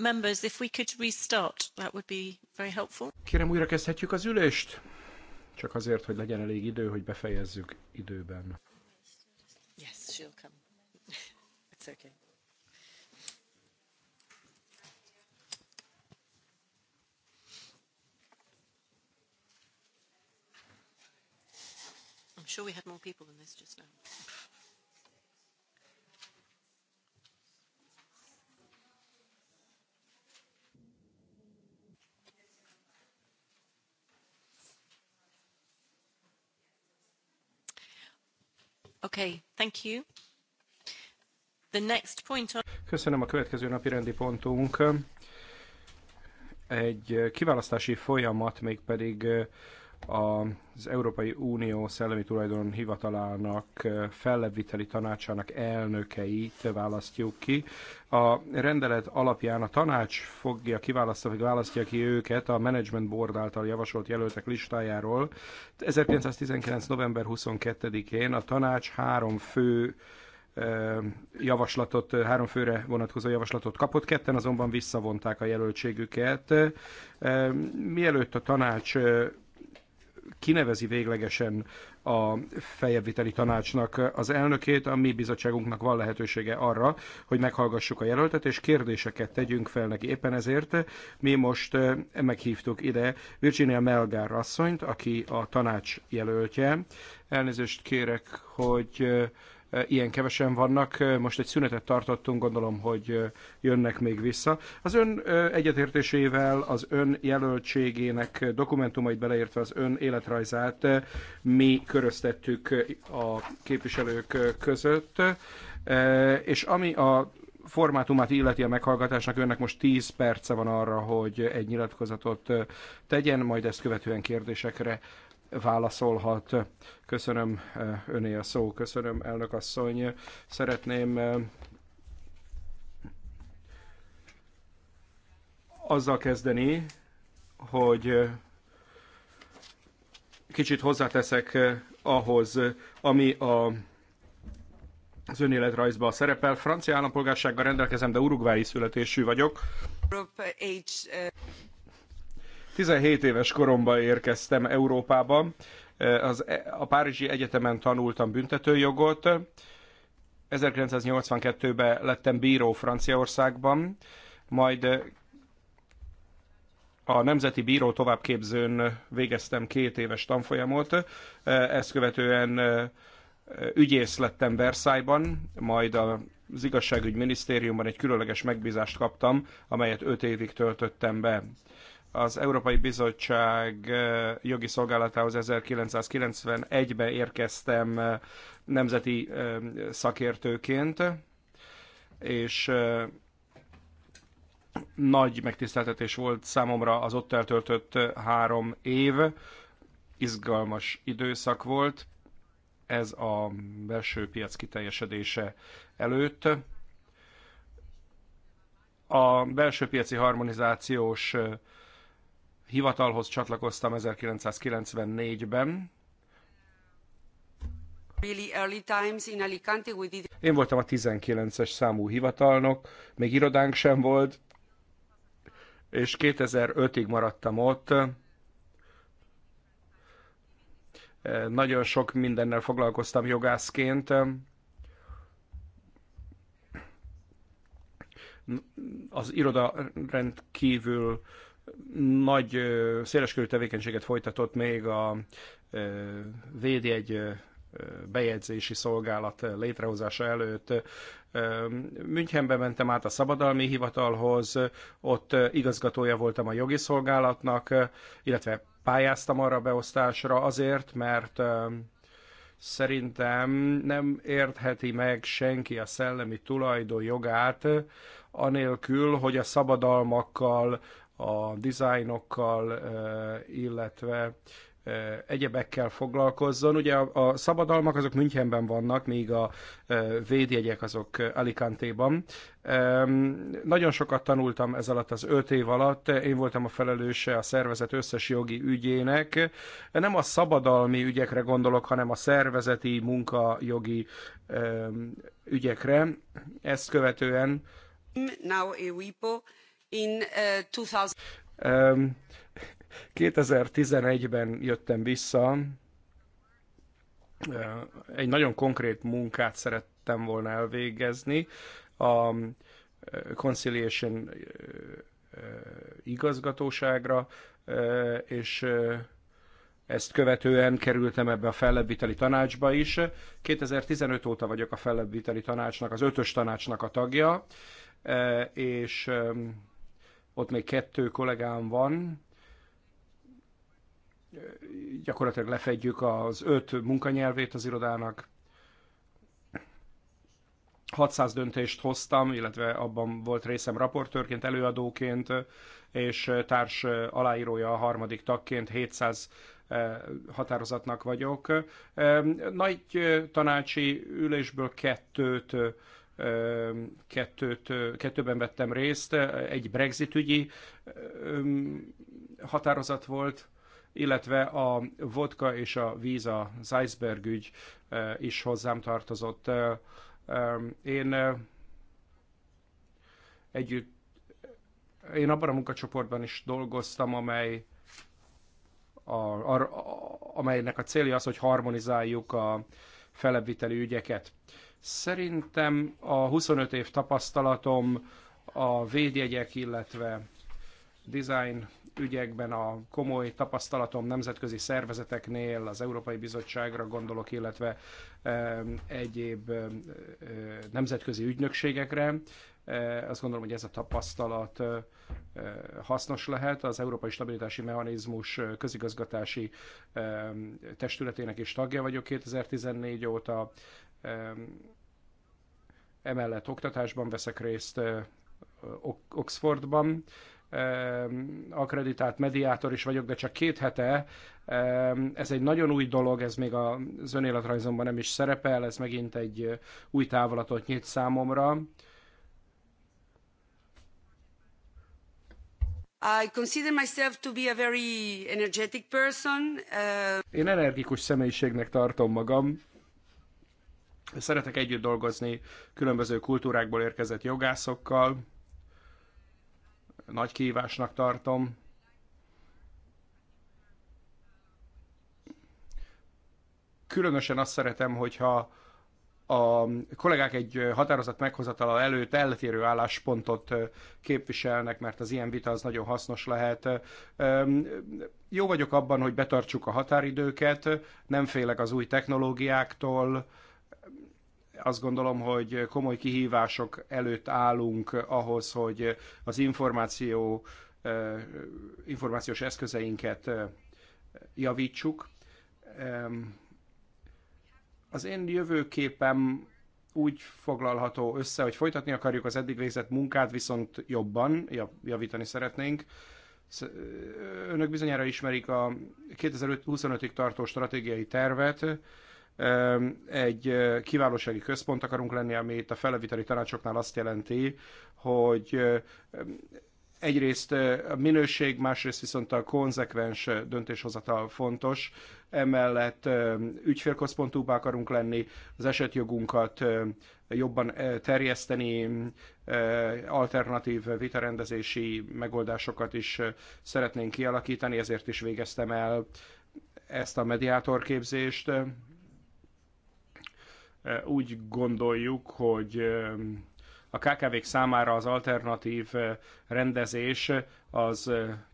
Members, if we could restart, that would be very helpful. Kérem, újra kezdhetjük az ülést? Csak azért, hogy legyen elég idő, hogy befejezzük időben. Yes, she'll come. It's okay. I'm sure we had more people than this just now. Köszönöm a következő napi rendi pontunk. Eh, egy eh, kiválasztási folyamat, mégpedig eh, az Európai Unió Szellemi Tulajdon Hivatalának eh, fellebbviteli tanácsának elnökeit választjuk ki. A rendelet alapján a tanács fogja kiválasztani, vagy választja ki őket a Management Board által javasolt jelöltek listájáról. 1919. november 22-én a tanács három fő eh, javaslatot, eh, három főre vonatkozó javaslatot kapott, ketten azonban visszavonták a jelöltségüket. Mielőtt a tanács kinevezi véglegesen a feljebbviteli tanácsnak az elnökét, a mi bizottságunknak van lehetősége arra, hogy meghallgassuk a jelöltet, és kérdéseket tegyünk fel neki. Éppen ezért mi most eh, meghívtuk ide Virginia Melgar asszonyt, aki a tanács jelöltje. Elnézést kérek, hogy eh, ilyen kevesen vannak. Most egy szünetet tartottunk, gondolom, hogy jönnek még vissza. Az ön egyetértésével, az ön jelöltségének dokumentumait beleértve az ön életrajzát mi köröztettük a képviselők között, és ami a formátumát illeti a meghallgatásnak, önnek most 10 perce van arra, hogy egy nyilatkozatot tegyen, majd ezt követően kérdésekre válaszolhat. Köszönöm eh, öné a szó, köszönöm elnök asszony. Szeretném eh, azzal kezdeni, hogy eh, kicsit hozzáteszek ahhoz, ami a az önéletrajzban szerepel. Francia állampolgársággal rendelkezem, de urugvái születésű vagyok. 17 éves koromban érkeztem Európába, e, az, e, a Párizsi Egyetemen tanultam büntetőjogot, 1982-ben lettem bíró Franciaországban, majd a Nemzeti Bíró továbbképzőn végeztem két éves tanfolyamot, e, ezt követően ügyész lettem Versailles-ban, majd az igazságügyminisztériumban egy különleges megbízást kaptam, amelyet öt évig töltöttem be az Európai Bizottság eh, jogi szolgálatához 1991-ben érkeztem eh, nemzeti eh, szakértőként, és nagy megtiszteltetés volt számomra az ott eltöltött három év, izgalmas időszak volt, ez a belső piac kiteljesedése előtt. A belső piaci harmonizációs hivatalhoz csatlakoztam 1994-ben. Én voltam a 19-es számú hivatalnok, még irodánk sem volt, és 2005-ig maradtam ott. Nagyon sok mindennel foglalkoztam jogászként. Az iroda rendkívül nagy széleskörű tevékenységet folytatott még a egy bejegyzési szolgálat létrehozása előtt. Münchenbe mentem át a szabadalmi hivatalhoz, ott igazgatója voltam a jogi szolgálatnak, illetve pályáztam arra a beosztásra azért, mert szerintem nem értheti meg senki a szellemi tulajdon jogát, anélkül, hogy a szabadalmakkal a dizájnokkal, illetve egyebekkel foglalkozzon. Ugye a, a szabadalmak azok Münchenben vannak, míg a védjegyek azok Alicante-ban. Nagyon sokat tanultam ez alatt az öt év alatt. Én voltam a felelőse a szervezet összes jogi ügyének. Nem a szabadalmi ügyekre gondolok, hanem a szervezeti munkajogi ügyekre. Ezt követően... Now, in 2000. Um, 2011-ben jöttem vissza, egy nagyon konkrét munkát szerettem volna elvégezni. A Conciliation eh, eh, igazgatóságra, eh, és ezt követően kerültem ebbe a fellebbviteli tanácsba is. 2015 óta vagyok a fellebbviteli tanácsnak, az ötös tanácsnak a tagja, és ott még kettő kollégám van, gyakorlatilag lefedjük az öt munkanyelvét az irodának. 600 döntést hoztam, illetve abban volt részem raportőrként, előadóként, és társ aláírója a harmadik tagként 700 eh, határozatnak vagyok. Nagy eh, tanácsi ülésből kettőt eh, kettőt, kettőben vettem részt, egy Brexit ügyi határozat volt, illetve a vodka és a víz, az iceberg ügy is hozzám tartozott. Én együtt, én abban a munkacsoportban is dolgoztam, amely a, a, a, amelynek a célja az, hogy harmonizáljuk a felebbviteli ügyeket. Szerintem a 25 év tapasztalatom a védjegyek, illetve design ügyekben a komoly tapasztalatom nemzetközi szervezeteknél, az Európai Bizottságra gondolok, illetve e, egyéb e, e, nemzetközi ügynökségekre. Azt gondolom, hogy ez a tapasztalat hasznos lehet. Az Európai Stabilitási Mechanizmus közigazgatási testületének is tagja vagyok 2014 óta. Emellett oktatásban veszek részt Oxfordban, akreditált mediátor is vagyok, de csak két hete. Ez egy nagyon új dolog, ez még az önéletrajzomban nem is szerepel, ez megint egy új távolatot nyit számomra. I consider myself to be a very energetic person. Uh... Én energikus személyiségnek tartom magam. Szeretek együtt dolgozni különböző kultúrákból érkezett jogászokkal. Nagy kihívásnak tartom. Különösen azt szeretem, hogyha a kollégák egy határozat meghozatala előtt eltérő álláspontot képviselnek, mert az ilyen vita az nagyon hasznos lehet. Jó vagyok abban, hogy betartsuk a határidőket, nem félek az új technológiáktól, azt gondolom, hogy komoly kihívások előtt állunk ahhoz, hogy az információ, eh, információs eszközeinket eh, javítsuk. Az én jövőképem úgy foglalható össze, hogy folytatni akarjuk az eddig végzett munkát, viszont jobban javítani szeretnénk. Eh, önök bizonyára ismerik a 2025-ig tartó stratégiai tervet, egy kiválósági központ akarunk lenni, itt a feleviteli tanácsoknál azt jelenti, hogy egyrészt a minőség, másrészt viszont a konzekvens döntéshozatal fontos, emellett ügyfélközpontúbbá akarunk lenni, az esetjogunkat jobban terjeszteni, alternatív vitarendezési megoldásokat is szeretnénk kialakítani, ezért is végeztem el ezt a mediátorképzést úgy gondoljuk, hogy a KKV-k számára az alternatív rendezés az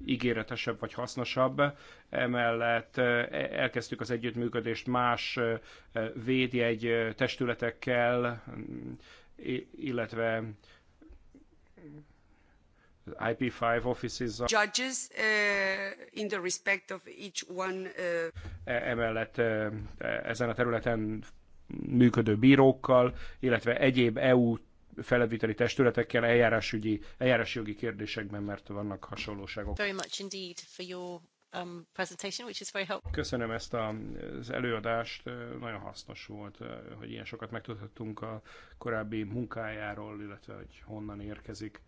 ígéretesebb vagy hasznosabb. Emellett e, elkezdtük az együttműködést más védjegy testületekkel, illetve IP5 offices. Judges uh, in the respect of each one. Uh... Emellett e, ezen a területen működő bírókkal, illetve egyéb EU feleviteli testületekkel eljárásügyi, eljárási jogi kérdésekben, mert vannak hasonlóságok. Um, Köszönöm ezt a, az előadást, nagyon hasznos volt, hogy ilyen sokat megtudhattunk a korábbi munkájáról, illetve hogy honnan érkezik.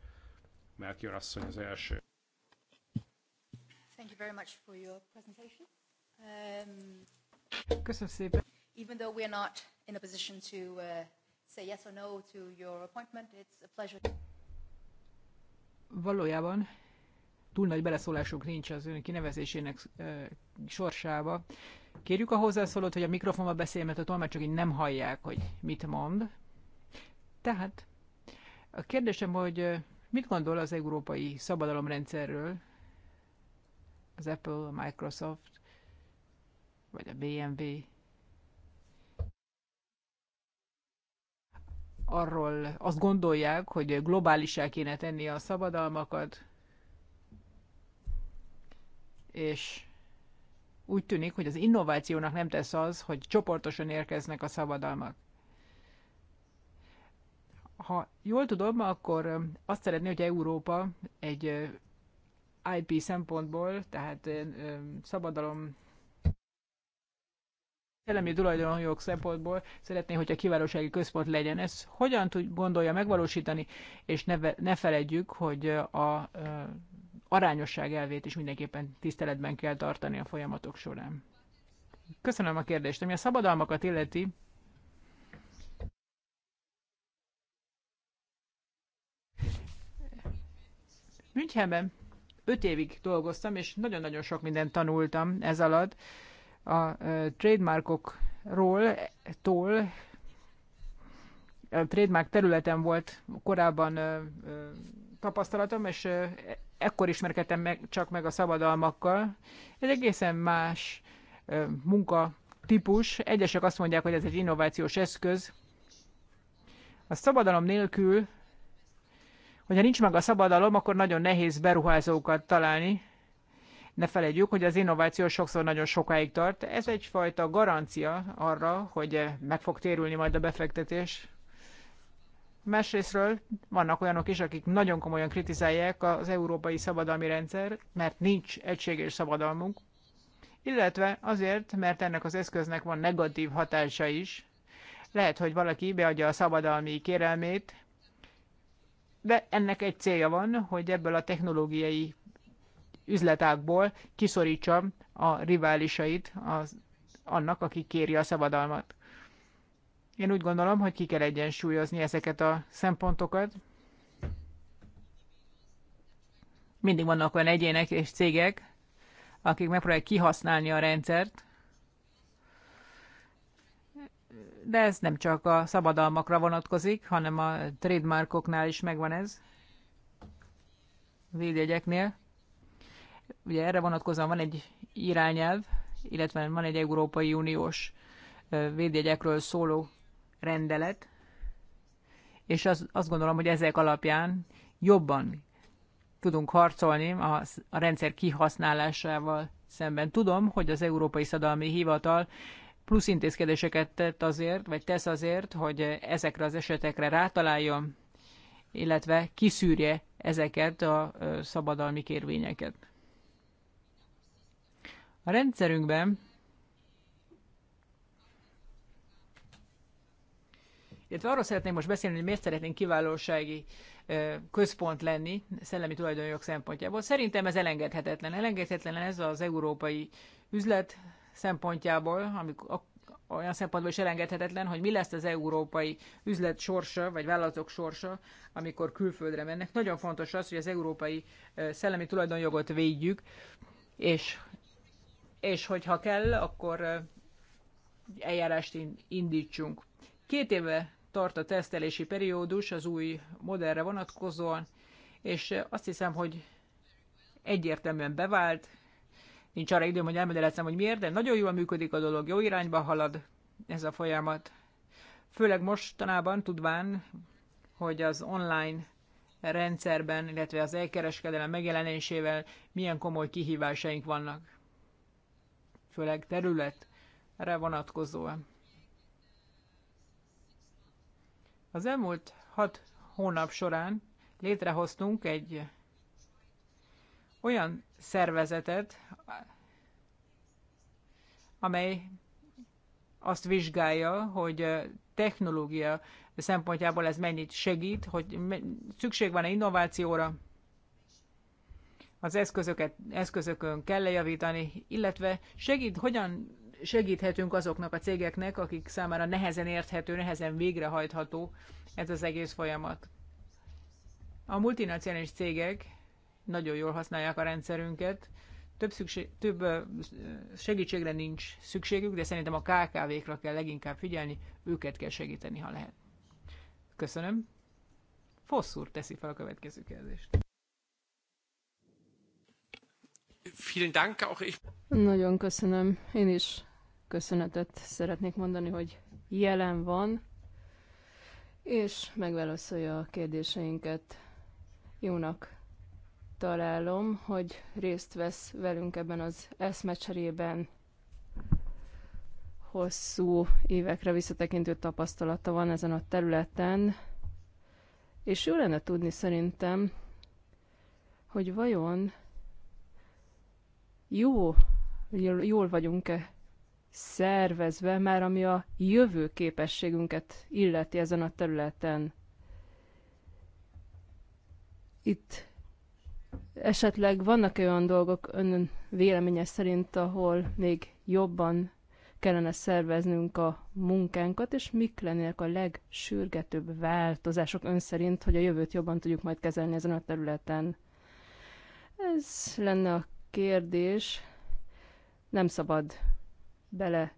Melchior asszony az első. Thank you very much for your presentation. Um... Köszönöm szépen even though we are not in a position to uh, say yes or no to your appointment, it's a pleasure. Valójában túl nagy beleszólásunk nincs az ön kinevezésének uh, sorsába. Kérjük a hozzászólót, hogy a mikrofonba beszélj, mert a tolmácsok így nem hallják, hogy mit mond. Tehát a kérdésem, hogy uh, mit gondol az európai szabadalomrendszerről az Apple, a Microsoft, vagy a BMW, arról azt gondolják, hogy globálisá kéne tenni a szabadalmakat, és úgy tűnik, hogy az innovációnak nem tesz az, hogy csoportosan érkeznek a szabadalmak. Ha jól tudom, akkor azt szeretné, hogy Európa egy IP szempontból, tehát szabadalom szellemi tulajdonjog szempontból szeretné, hogy a kiválósági központ legyen. Ez hogyan tud, gondolja megvalósítani, és ne, ne feledjük, hogy a, a arányosság elvét is mindenképpen tiszteletben kell tartani a folyamatok során. Köszönöm a kérdést. Ami a szabadalmakat illeti, Münchenben öt évig dolgoztam, és nagyon-nagyon sok mindent tanultam ez alatt a trademarkokról, tól, a trademark területen volt korábban tapasztalatom, és ekkor ismerkedtem meg, csak meg a szabadalmakkal. Ez egészen más munka típus. Egyesek azt mondják, hogy ez egy innovációs eszköz. A szabadalom nélkül, hogyha nincs meg a szabadalom, akkor nagyon nehéz beruházókat találni. Ne felejtjük, hogy az innováció sokszor nagyon sokáig tart. Ez egyfajta garancia arra, hogy meg fog térülni majd a befektetés. Másrésztről vannak olyanok is, akik nagyon komolyan kritizálják az európai szabadalmi rendszer, mert nincs egységes szabadalmunk, illetve azért, mert ennek az eszköznek van negatív hatása is. Lehet, hogy valaki beadja a szabadalmi kérelmét, de ennek egy célja van, hogy ebből a technológiai üzletákból kiszorítsa a riválisait az, annak, aki kéri a szabadalmat. Én úgy gondolom, hogy ki kell egyensúlyozni ezeket a szempontokat. Mindig vannak olyan egyének és cégek, akik megpróbálják kihasználni a rendszert, de ez nem csak a szabadalmakra vonatkozik, hanem a trademarkoknál is megvan ez, védjegyeknél ugye erre vonatkozóan van egy irányelv, illetve van egy Európai Uniós védjegyekről szóló rendelet, és az, azt gondolom, hogy ezek alapján jobban tudunk harcolni a, a rendszer kihasználásával szemben. Tudom, hogy az Európai Szadalmi Hivatal plusz intézkedéseket tett azért, vagy tesz azért, hogy ezekre az esetekre rátaláljon, illetve kiszűrje ezeket a szabadalmi kérvényeket. A rendszerünkben, illetve arról szeretném most beszélni, hogy miért szeretnénk kiválósági központ lenni szellemi tulajdonjog szempontjából. Szerintem ez elengedhetetlen. Elengedhetetlen ez az európai üzlet szempontjából, amikor, olyan szempontból is elengedhetetlen, hogy mi lesz az európai üzlet sorsa, vagy vállalatok sorsa, amikor külföldre mennek. Nagyon fontos az, hogy az európai szellemi tulajdonjogot védjük, és és hogyha kell, akkor eljárást indítsunk. Két éve tart a tesztelési periódus az új modellre vonatkozóan, és azt hiszem, hogy egyértelműen bevált. Nincs arra időm, hogy elmagyarázzam, hogy miért, de nagyon jól működik a dolog, jó irányba halad ez a folyamat. Főleg mostanában tudván, hogy az online rendszerben, illetve az elkereskedelem megjelenésével milyen komoly kihívásaink vannak főleg területre vonatkozóan. Az elmúlt hat hónap során létrehoztunk egy olyan szervezetet, amely azt vizsgálja, hogy technológia szempontjából ez mennyit segít, hogy szükség van-e innovációra, az eszközöket, eszközökön kell lejavítani, illetve segít, hogyan segíthetünk azoknak a cégeknek, akik számára nehezen érthető, nehezen végrehajtható ez az egész folyamat. A multinacionális cégek nagyon jól használják a rendszerünket, több, szükség, több segítségre nincs szükségük, de szerintem a KKV-kra kell leginkább figyelni, őket kell segíteni, ha lehet. Köszönöm. Fosszúr teszi fel a következő kérdést. Vielen Dank auch ich. Nagyon köszönöm. Én is köszönetet szeretnék mondani, hogy jelen van, és megválaszolja a kérdéseinket. Jónak találom, hogy részt vesz velünk ebben az eszmecserében. Hosszú évekre visszatekintő tapasztalata van ezen a területen, és jó lenne tudni szerintem, hogy vajon jó, jól vagyunk-e szervezve, már ami a jövő képességünket illeti ezen a területen. Itt esetleg vannak -e olyan dolgok ön véleménye szerint, ahol még jobban kellene szerveznünk a munkánkat, és mik lennének a legsürgetőbb változások ön szerint, hogy a jövőt jobban tudjuk majd kezelni ezen a területen? Ez lenne a kérdés. Nem szabad bele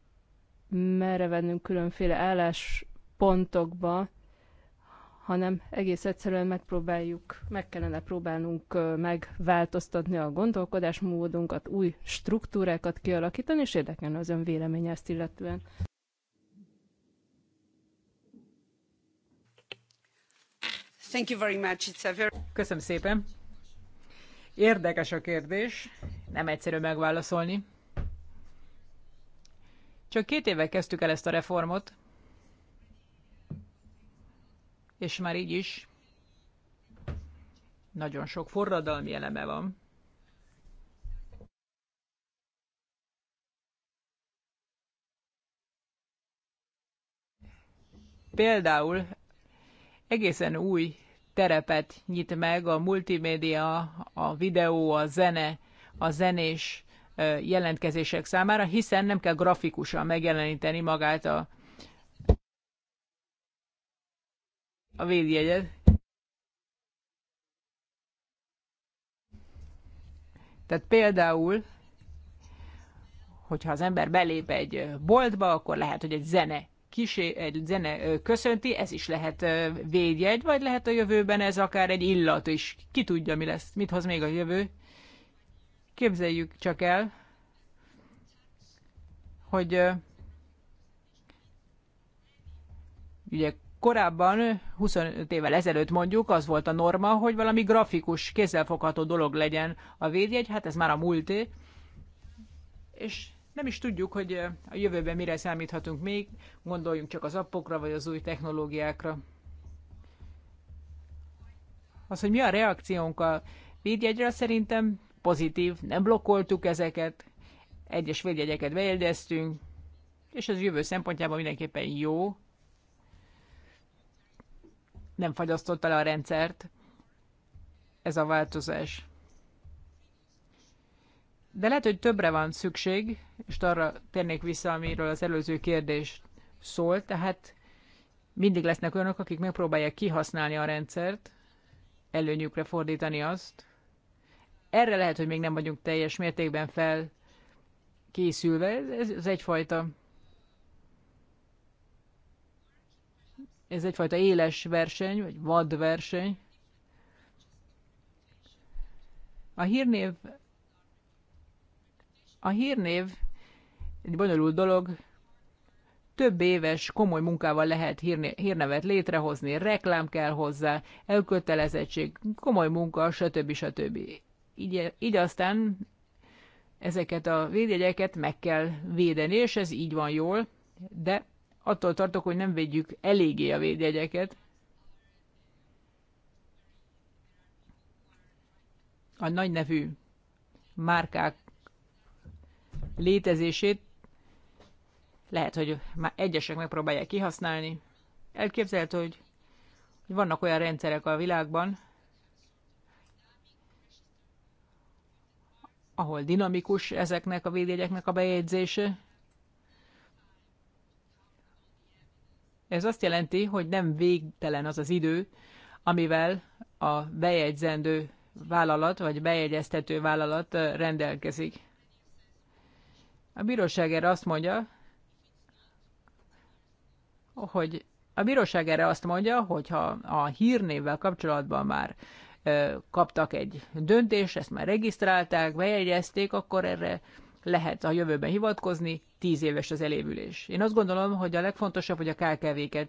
merevennünk különféle álláspontokba, hanem egész egyszerűen megpróbáljuk, meg kellene próbálnunk megváltoztatni a gondolkodásmódunkat, új struktúrákat kialakítani, és érdekelne az ön véleménye ezt illetően. Thank you very much. It's a very... Köszönöm szépen. Érdekes a kérdés, nem egyszerű megválaszolni. Csak két éve kezdtük el ezt a reformot, és már így is nagyon sok forradalmi eleme van. Például egészen új terepet nyit meg a multimédia, a videó, a zene, a zenés jelentkezések számára, hiszen nem kell grafikusan megjeleníteni magát a, a védjegyet. Tehát például, hogyha az ember belép egy boltba, akkor lehet, hogy egy zene kisé egy zene köszönti, ez is lehet védjegy, vagy lehet a jövőben ez akár egy illat is. Ki tudja, mi lesz, mit hoz még a jövő. Képzeljük csak el, hogy ugye korábban, 25 évvel ezelőtt mondjuk, az volt a norma, hogy valami grafikus, kézzelfogható dolog legyen a védjegy, hát ez már a múlté, és nem is tudjuk, hogy eh, a jövőben mire számíthatunk még, gondoljunk csak az appokra vagy az új technológiákra. Az, hogy mi a reakciónk a védjegyre, szerintem pozitív, nem blokkoltuk ezeket, egyes védjegyeket bejegyeztünk, és ez jövő szempontjában mindenképpen jó. Nem fagyasztotta le a rendszert ez a változás. De lehet, hogy többre van szükség, és arra térnék vissza, amiről az előző kérdés szólt tehát mindig lesznek olyanok, akik megpróbálják kihasználni a rendszert, előnyükre fordítani azt. Erre lehet, hogy még nem vagyunk teljes mértékben felkészülve. Ez, ez egyfajta ez egyfajta éles verseny, vagy vad verseny. A hírnév a hírnév egy bonyolult dolog, több éves komoly munkával lehet hírnevet létrehozni, reklám kell hozzá, elkötelezettség, komoly munka, stb. stb. Így, így aztán ezeket a védjegyeket meg kell védeni, és ez így van jól, de attól tartok, hogy nem védjük eléggé a védjegyeket. A nagy nevű márkák létezését lehet, hogy már egyesek megpróbálják kihasználni. Elképzelhető, hogy, hogy vannak olyan rendszerek a világban, ahol dinamikus ezeknek a védjegyeknek a bejegyzése. Ez azt jelenti, hogy nem végtelen az az idő, amivel a bejegyzendő vállalat vagy bejegyeztető vállalat rendelkezik. A bíróság erre azt mondja, hogy a bíróság erre azt mondja, hogy ha a hírnévvel kapcsolatban már kaptak egy döntést, ezt már regisztrálták, bejegyezték, akkor erre lehet a jövőben hivatkozni, tíz éves az elévülés. Én azt gondolom, hogy a legfontosabb, hogy a KKV-ket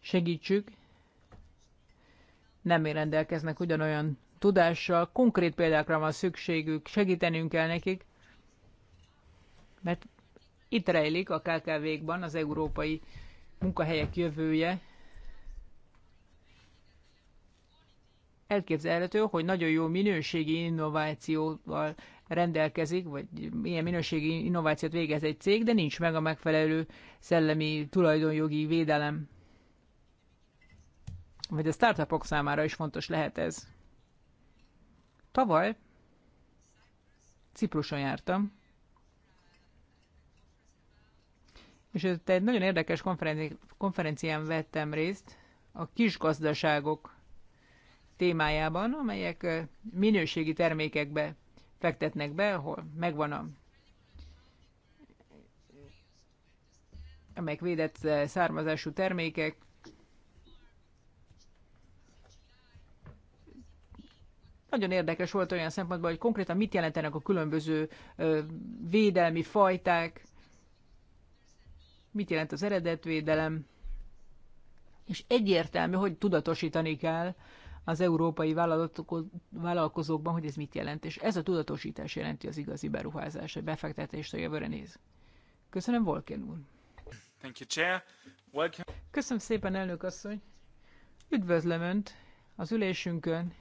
segítsük, nem rendelkeznek ugyanolyan tudással, konkrét példákra van szükségük, segítenünk kell nekik, mert itt rejlik a KKV-kban az európai munkahelyek jövője. Elképzelhető, hogy nagyon jó minőségi innovációval rendelkezik, vagy milyen minőségi innovációt végez egy cég, de nincs meg a megfelelő szellemi tulajdonjogi védelem. Vagy a startupok számára is fontos lehet ez. Tavaly Cipruson jártam, és egy nagyon érdekes konferenci- konferencián vettem részt a kisgazdaságok témájában, amelyek minőségi termékekbe fektetnek be, ahol megvan a amelyek védett származású termékek, Nagyon érdekes volt olyan szempontból, hogy konkrétan mit jelentenek a különböző védelmi fajták, mit jelent az eredetvédelem, és egyértelmű, hogy tudatosítani kell az európai vállalkozókban, hogy ez mit jelent. És ez a tudatosítás jelenti az igazi beruházás, a befektetést a jövőre néz. Köszönöm, Volken úr! Thank you, Chair. Welcome. Köszönöm szépen, elnök asszony! Üdvözlöm Önt az ülésünkön!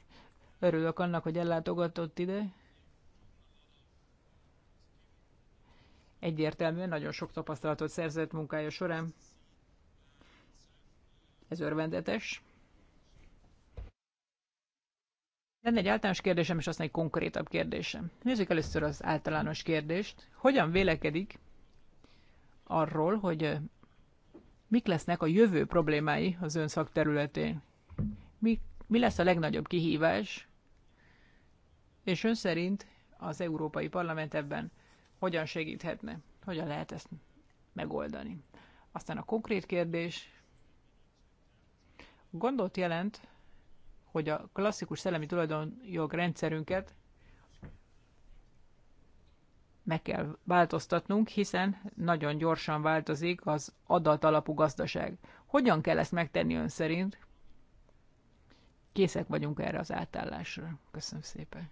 Örülök annak, hogy ellátogatott ide, Egyértelműen nagyon sok tapasztalatot szerzett munkája során. Ez örvendetes. Lenne egy általános kérdésem, és aztán egy konkrétabb kérdésem. Nézzük először az általános kérdést. Hogyan vélekedik arról, hogy mik lesznek a jövő problémái az ön szakterületén? Mi, mi lesz a legnagyobb kihívás? És ön szerint az Európai Parlament ebben hogyan segíthetne, hogyan lehet ezt megoldani. Aztán a konkrét kérdés gondot jelent, hogy a klasszikus szellemi tulajdonjog rendszerünket meg kell változtatnunk, hiszen nagyon gyorsan változik az adatalapú gazdaság. Hogyan kell ezt megtenni ön szerint? Készek vagyunk erre az átállásra. Köszönöm szépen.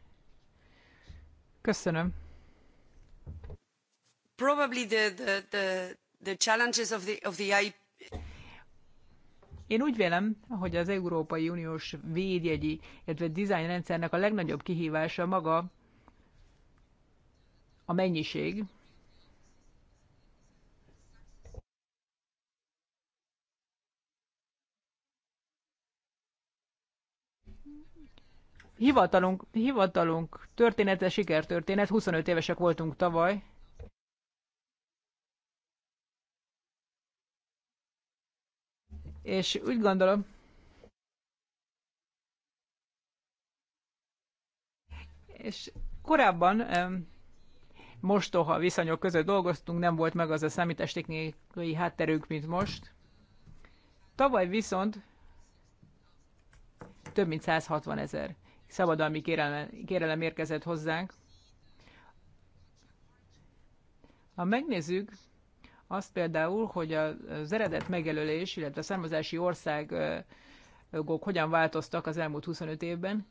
Köszönöm. Én úgy vélem, hogy az Európai Uniós védjegyi, illetve dizájnrendszernek a legnagyobb kihívása maga a mennyiség, hivatalunk, hivatalunk története sikertörténet, 25 évesek voltunk tavaly, és úgy gondolom, és korábban mostoha viszonyok között dolgoztunk, nem volt meg az a számítástechnikai hátterünk, mint most. Tavaly viszont több mint 160 ezer szabadalmi kérelem, kérelem érkezett hozzánk. Ha megnézzük azt például, hogy az eredet megjelölés, illetve a származási országok hogyan változtak az elmúlt 25 évben,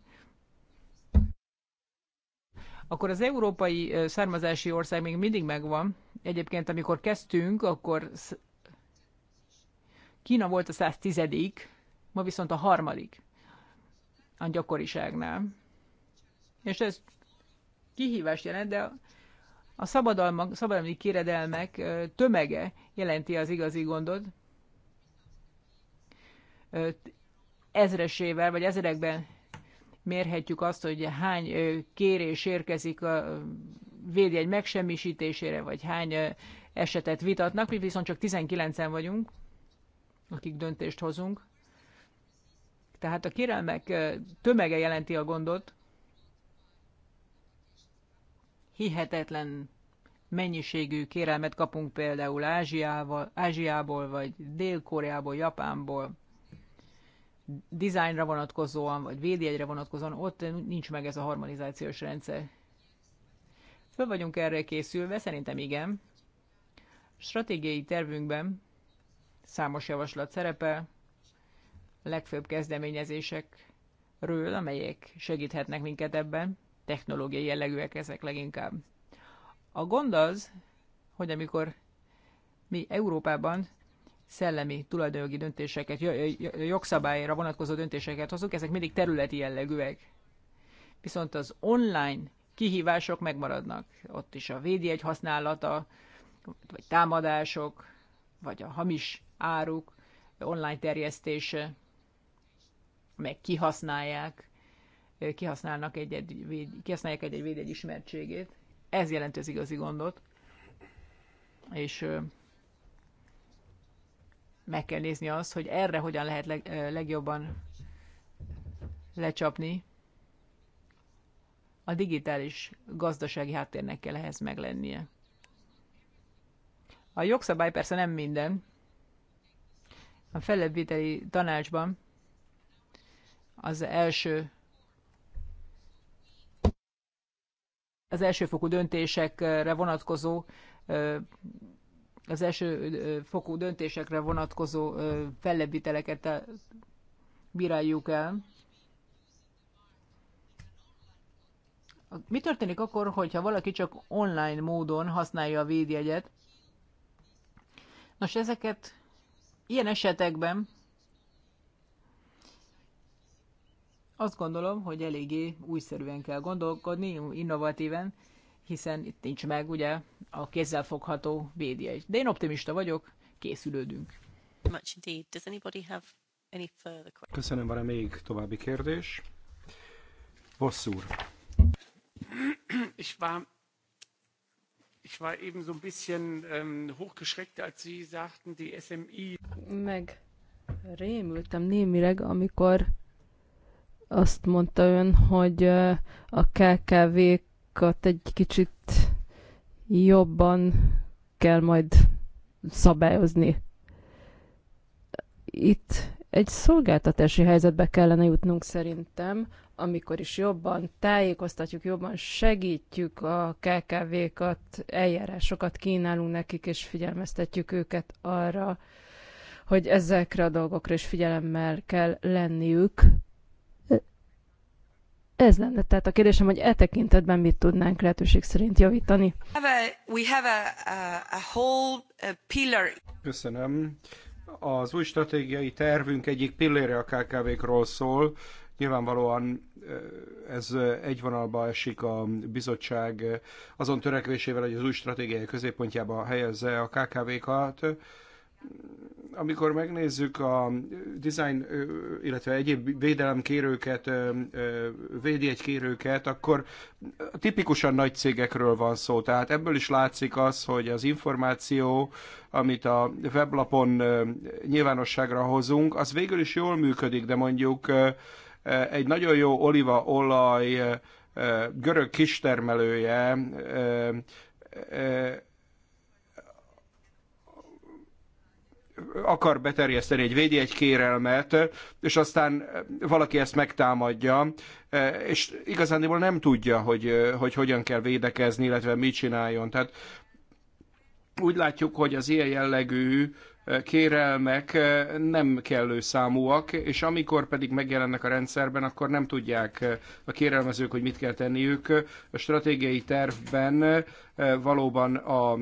akkor az európai származási ország még mindig megvan. Egyébként, amikor kezdtünk, akkor Kína volt a 110 ma viszont a harmadik a gyakoriságnál. És ez kihívást jelent, de a szabadalmi kéredelmek tömege jelenti az igazi gondot. Ezresével, vagy ezerekben mérhetjük azt, hogy hány kérés érkezik a védjegy megsemmisítésére, vagy hány esetet vitatnak, mi viszont csak 19-en vagyunk, akik döntést hozunk. Tehát a kérelmek tömege jelenti a gondot. Hihetetlen mennyiségű kérelmet kapunk például Ázsiával, Ázsiából, vagy Dél-Koreából, Japánból, dizájnra vonatkozóan, vagy védjegyre vonatkozóan, ott nincs meg ez a harmonizációs rendszer. Föl vagyunk erre készülve, szerintem igen. Stratégiai tervünkben számos javaslat szerepel, legfőbb kezdeményezésekről, amelyek segíthetnek minket ebben. Technológiai jellegűek ezek leginkább. A gond az, hogy amikor mi Európában szellemi tulajdonjogi döntéseket, jogszabályra vonatkozó döntéseket hozunk, ezek mindig területi jellegűek. Viszont az online kihívások megmaradnak. Ott is a védjegy használata, vagy támadások, vagy a hamis áruk online terjesztése meg kihasználják, kihasználnak egy-egy, kihasználják egy-egy egy ismertségét. Ez jelenti az igazi gondot. És meg kell nézni azt, hogy erre hogyan lehet leg, legjobban lecsapni. A digitális gazdasági háttérnek kell ehhez meglennie. A jogszabály persze nem minden. A felelőbbviteli tanácsban az első az elsőfokú döntésekre vonatkozó az első fokú döntésekre vonatkozó fellebbiteleket bíráljuk el. Mi történik akkor, hogyha valaki csak online módon használja a védjegyet? Nos, ezeket ilyen esetekben Azt gondolom, hogy eléggé újszerűen kell gondolkodni, innovatíven, hiszen itt nincs meg ugye a kézzel fogható média is. De én optimista vagyok, készülődünk. Köszönöm, van -e még további kérdés? Bosszúr. Ich war, ich war eben so ein bisschen ähm, hochgeschreckt, als Sie sagten, die SMI. Meg rémültem némileg, amikor azt mondta ön, hogy a KKV-kat egy kicsit jobban kell majd szabályozni. Itt egy szolgáltatási helyzetbe kellene jutnunk szerintem, amikor is jobban tájékoztatjuk, jobban segítjük a KKV-kat, eljárásokat kínálunk nekik, és figyelmeztetjük őket arra, hogy ezekre a dolgokra is figyelemmel kell lenniük, ez lenne tehát a kérdésem, hogy e tekintetben mit tudnánk lehetőség szerint javítani. Köszönöm. Az új stratégiai tervünk egyik pillére a KKV-król szól. Nyilvánvalóan eh, ez eh, egy vonalba esik a bizottság eh, azon törekvésével, hogy az új stratégiai középpontjába helyezze a KKV-kat amikor megnézzük a design, illetve egyéb védelemkérőket, védjegykérőket, akkor tipikusan nagy cégekről van szó. Tehát ebből is látszik az, hogy az információ, amit a weblapon nyilvánosságra hozunk, az végül is jól működik, de mondjuk egy nagyon jó oliva olaj görög kistermelője akar beterjeszteni egy kérelmet, és aztán valaki ezt megtámadja, és igazándiból nem tudja, hogy, hogy hogyan kell védekezni, illetve mit csináljon. Tehát úgy látjuk, hogy az ilyen jellegű kérelmek nem kellő számúak, és amikor pedig megjelennek a rendszerben, akkor nem tudják a kérelmezők, hogy mit kell tenniük. A stratégiai tervben valóban a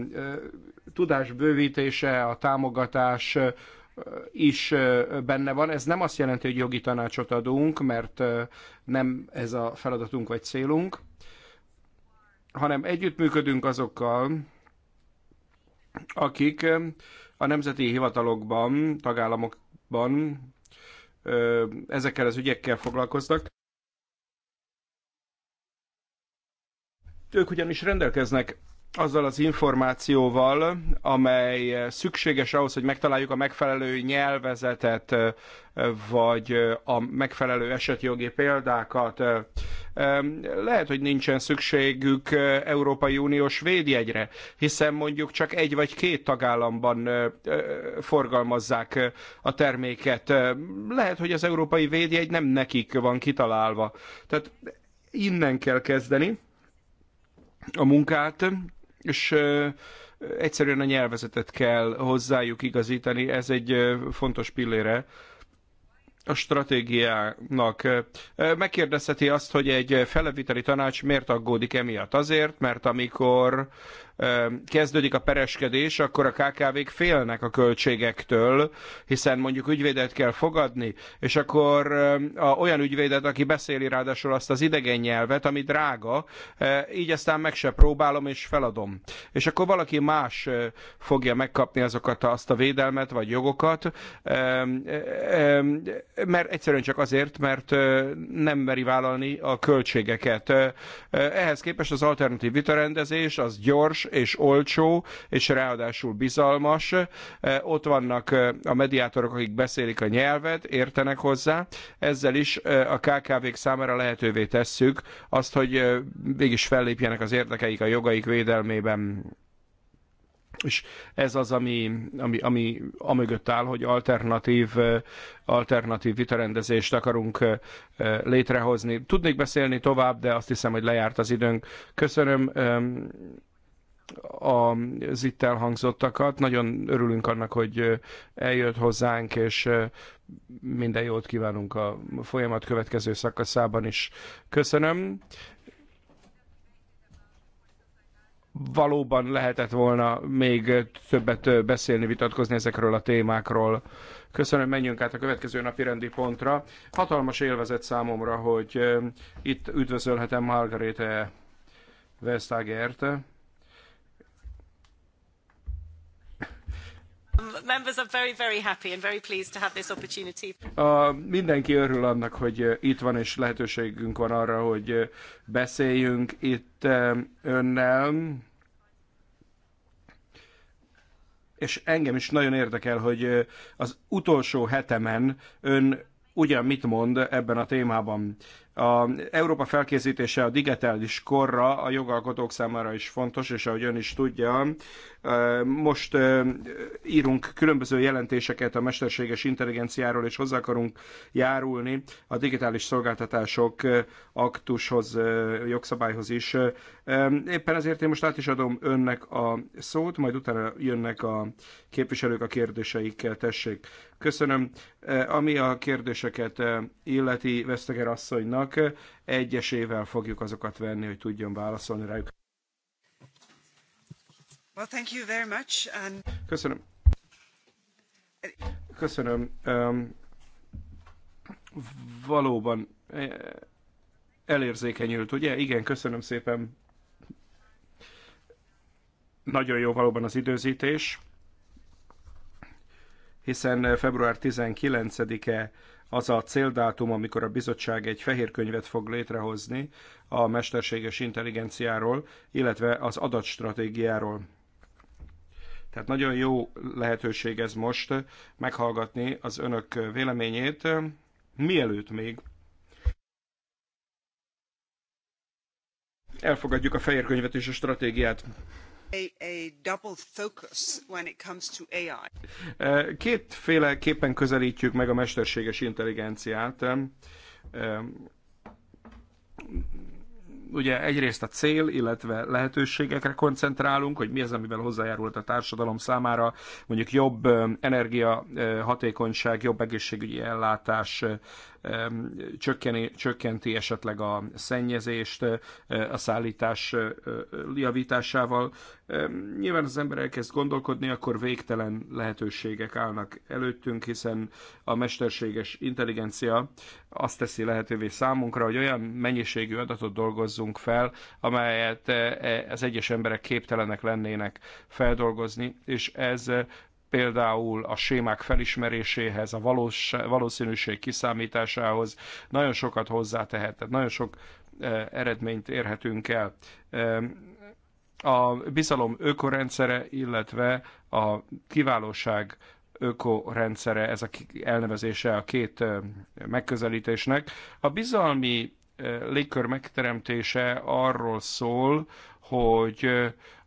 tudás bővítése, a támogatás is benne van. Ez nem azt jelenti, hogy jogi tanácsot adunk, mert nem ez a feladatunk vagy célunk, hanem együttműködünk azokkal, akik a nemzeti hivatalokban, tagállamokban ezekkel az ügyekkel foglalkoznak. Ők ugyanis rendelkeznek azzal az információval, amely szükséges ahhoz, hogy megtaláljuk a megfelelő nyelvezetet, vagy a megfelelő esetjogi példákat. Lehet, hogy nincsen szükségük Európai Uniós védjegyre, hiszen mondjuk csak egy vagy két tagállamban forgalmazzák a terméket. Lehet, hogy az európai védjegy nem nekik van kitalálva. Tehát innen kell kezdeni a munkát, és egyszerűen a nyelvezetet kell hozzájuk igazítani, ez egy fontos pillére a stratégiának. Megkérdezheti azt, hogy egy feleviteli tanács miért aggódik emiatt. Azért, mert amikor kezdődik a pereskedés, akkor a KKV-k félnek a költségektől, hiszen mondjuk ügyvédet kell fogadni, és akkor a, olyan ügyvédet, aki beszéli ráadásul azt az idegen nyelvet, ami drága, így aztán meg se próbálom és feladom. És akkor valaki más fogja megkapni azokat azt a védelmet vagy jogokat, mert egyszerűen csak azért, mert nem meri vállalni a költségeket. Ehhez képest az alternatív vitarendezés az gyors és olcsó, és ráadásul bizalmas. Eh, ott vannak eh, a mediátorok, akik beszélik a nyelvet, értenek hozzá. Ezzel is eh, a KKV-k számára lehetővé tesszük azt, hogy mégis fellépjenek az érdekeik a jogaik védelmében. És ez az, ami, ami, ami amögött áll, hogy alternatív, alternatív vitarendezést akarunk létrehozni. Tudnék beszélni tovább, de azt hiszem, hogy lejárt az időnk. Köszönöm az itt elhangzottakat. Nagyon örülünk annak, hogy eljött hozzánk, és minden jót kívánunk a folyamat következő szakaszában is. Köszönöm. Valóban lehetett volna még többet beszélni, vitatkozni ezekről a témákról. Köszönöm, menjünk át a következő napi rendi pontra. Hatalmas élvezet számomra, hogy itt üdvözölhetem Margarete Vestagert A, mindenki örül annak, hogy eh, itt van, és lehetőségünk van arra, hogy eh, beszéljünk itt eh, önnel. És engem is nagyon érdekel, hogy az utolsó hetemen ön ugyan mit mond ebben a témában. A Európa felkészítése a digitális korra a jogalkotók számára is fontos, és ahogy ön is tudja, most írunk különböző jelentéseket a mesterséges intelligenciáról, és hozzá akarunk járulni a digitális szolgáltatások aktushoz, jogszabályhoz is. Éppen ezért én most át is adom önnek a szót, majd utána jönnek a képviselők a kérdéseikkel, tessék. Köszönöm. Ami a kérdéseket illeti Veszteger asszonynak, vannak, egyesével fogjuk azokat venni, hogy tudjon válaszolni rájuk. Well, thank you very much and... Köszönöm. Köszönöm. Um, valóban eh, elérzékenyült, ugye? Igen, köszönöm szépen. Nagyon jó valóban az időzítés, hiszen február 19-e az a céldátum, amikor a bizottság egy fehér könyvet fog létrehozni a mesterséges intelligenciáról, illetve az adatstratégiáról. Tehát nagyon jó lehetőség ez most meghallgatni az önök véleményét, mielőtt még elfogadjuk a fehér könyvet és a stratégiát. E, kétféleképpen közelítjük meg a mesterséges intelligenciát. E, ugye egyrészt a cél, illetve lehetőségekre koncentrálunk, hogy mi az, amivel hozzájárult a társadalom számára, mondjuk jobb e, energiahatékonyság, jobb egészségügyi ellátás, csökkenti esetleg a szennyezést eh, a szállítás eh, eh, javításával. Nyilván az ember elkezd gondolkodni, akkor végtelen lehetőségek állnak előttünk, hiszen a mesterséges intelligencia azt teszi lehetővé számunkra, hogy olyan mennyiségű adatot dolgozzunk fel, amelyet az egyes emberek képtelenek lennének feldolgozni, és ez például a sémák felismeréséhez, a valós, valószínűség kiszámításához nagyon sokat hozzátehet, tehát nagyon sok e, eredményt érhetünk el. E, a bizalom ökorendszere, illetve a kiválóság ökorendszere, ez a elnevezése a két e, megközelítésnek. A bizalmi légkör megteremtése arról szól, hogy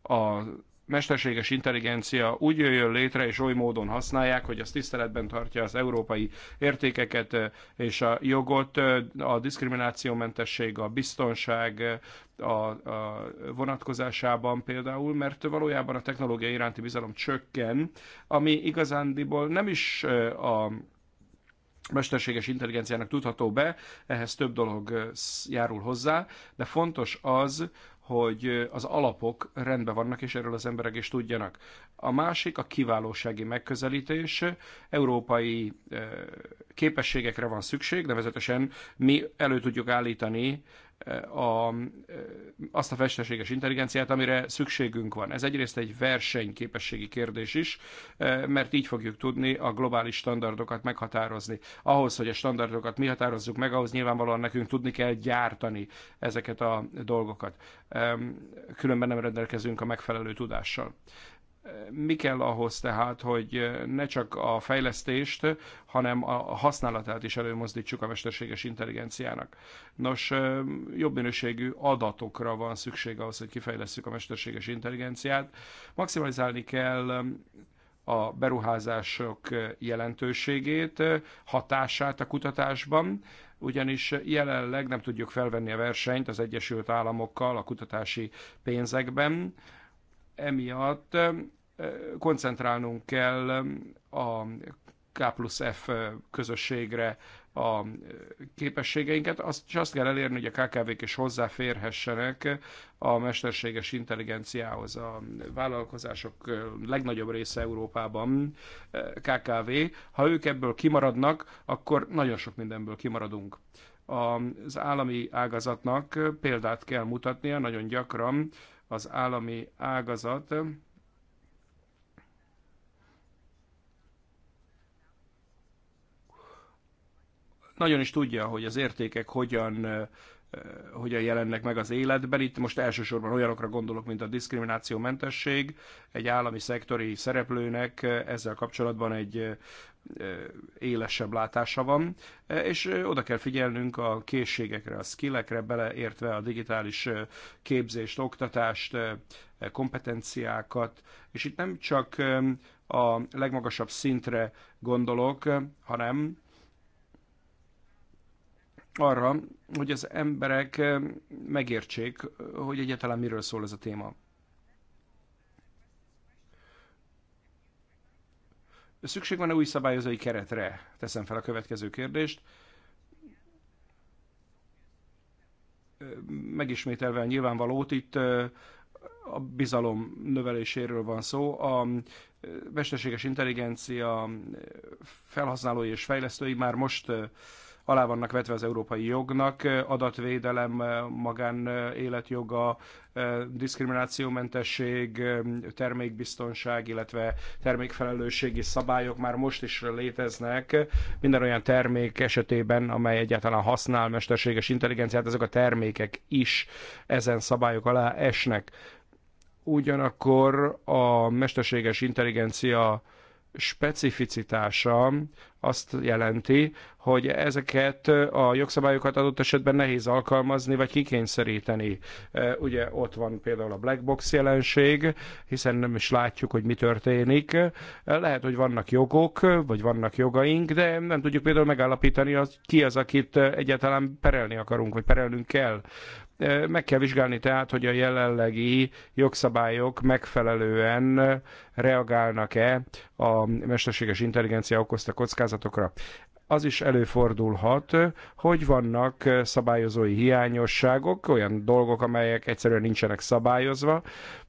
a mesterséges intelligencia úgy jöjjön létre, és oly módon használják, hogy az tiszteletben tartja az európai értékeket és a jogot, a diszkriminációmentesség, a biztonság a, a vonatkozásában például, mert valójában a technológia iránti bizalom csökken, ami igazándiból nem is a mesterséges intelligenciának tudható be, ehhez több dolog járul hozzá, de fontos az, hogy az alapok rendben vannak, és erről az emberek is tudjanak. A másik a kiválósági megközelítés. Európai képességekre van szükség, nevezetesen mi elő tudjuk állítani a, azt a festeséges intelligenciát, amire szükségünk van. Ez egyrészt egy versenyképességi kérdés is, e, mert így fogjuk tudni a globális standardokat meghatározni. Ahhoz, hogy a standardokat mi határozzuk meg, ahhoz nyilvánvalóan nekünk tudni kell gyártani ezeket a dolgokat. E, különben nem rendelkezünk a megfelelő tudással. Mi kell ahhoz tehát, hogy ne csak a fejlesztést, hanem a használatát is előmozdítsuk a mesterséges intelligenciának. Nos, jobb minőségű adatokra van szükség ahhoz, hogy kifejlesztjük a mesterséges intelligenciát. Maximalizálni kell a beruházások jelentőségét, hatását a kutatásban, ugyanis jelenleg nem tudjuk felvenni a versenyt az Egyesült Államokkal a kutatási pénzekben, emiatt koncentrálnunk kell a K plusz F közösségre a képességeinket, azt, és azt kell elérni, hogy a KKV-k is hozzáférhessenek a mesterséges intelligenciához. A vállalkozások legnagyobb része Európában eh, KKV. Ha ők ebből kimaradnak, akkor nagyon sok mindenből kimaradunk az állami ágazatnak példát kell mutatnia, nagyon gyakran az állami ágazat nagyon is tudja, hogy az értékek hogyan hogyan jelennek meg az életben. Itt most elsősorban olyanokra gondolok, mint a diszkriminációmentesség. Egy állami szektori szereplőnek ezzel kapcsolatban egy élesebb látása van, és oda kell figyelnünk a készségekre, a skillekre, beleértve a digitális képzést, oktatást, kompetenciákat, és itt nem csak a legmagasabb szintre gondolok, hanem arra, hogy az emberek eh, megértsék, eh, hogy egyáltalán miről szól ez a téma. Szükség van-e új szabályozói keretre? Teszem fel a következő kérdést. Eh, megismételve a nyilvánvalót, itt a bizalom növeléséről van szó. A mesterséges intelligencia felhasználói és fejlesztői már most alá vannak vetve az európai jognak, adatvédelem, magánéletjoga, diszkriminációmentesség, termékbiztonság, illetve termékfelelősségi szabályok már most is léteznek. Minden olyan termék esetében, amely egyáltalán használ mesterséges intelligenciát, ezek a termékek is ezen szabályok alá esnek. Ugyanakkor a mesterséges intelligencia specificitása azt jelenti, hogy ezeket a jogszabályokat adott esetben nehéz alkalmazni vagy kikényszeríteni. E, ugye ott van például a black box jelenség, hiszen nem is látjuk, hogy mi történik. E, lehet, hogy vannak jogok, vagy vannak jogaink, de nem tudjuk például megállapítani, ki az, akit egyáltalán perelni akarunk, vagy perelnünk kell. Meg kell vizsgálni tehát, hogy a jelenlegi jogszabályok megfelelően reagálnak-e a mesterséges intelligencia okozta kockázatokra az is előfordulhat, hogy vannak szabályozói hiányosságok, olyan dolgok, amelyek egyszerűen nincsenek szabályozva.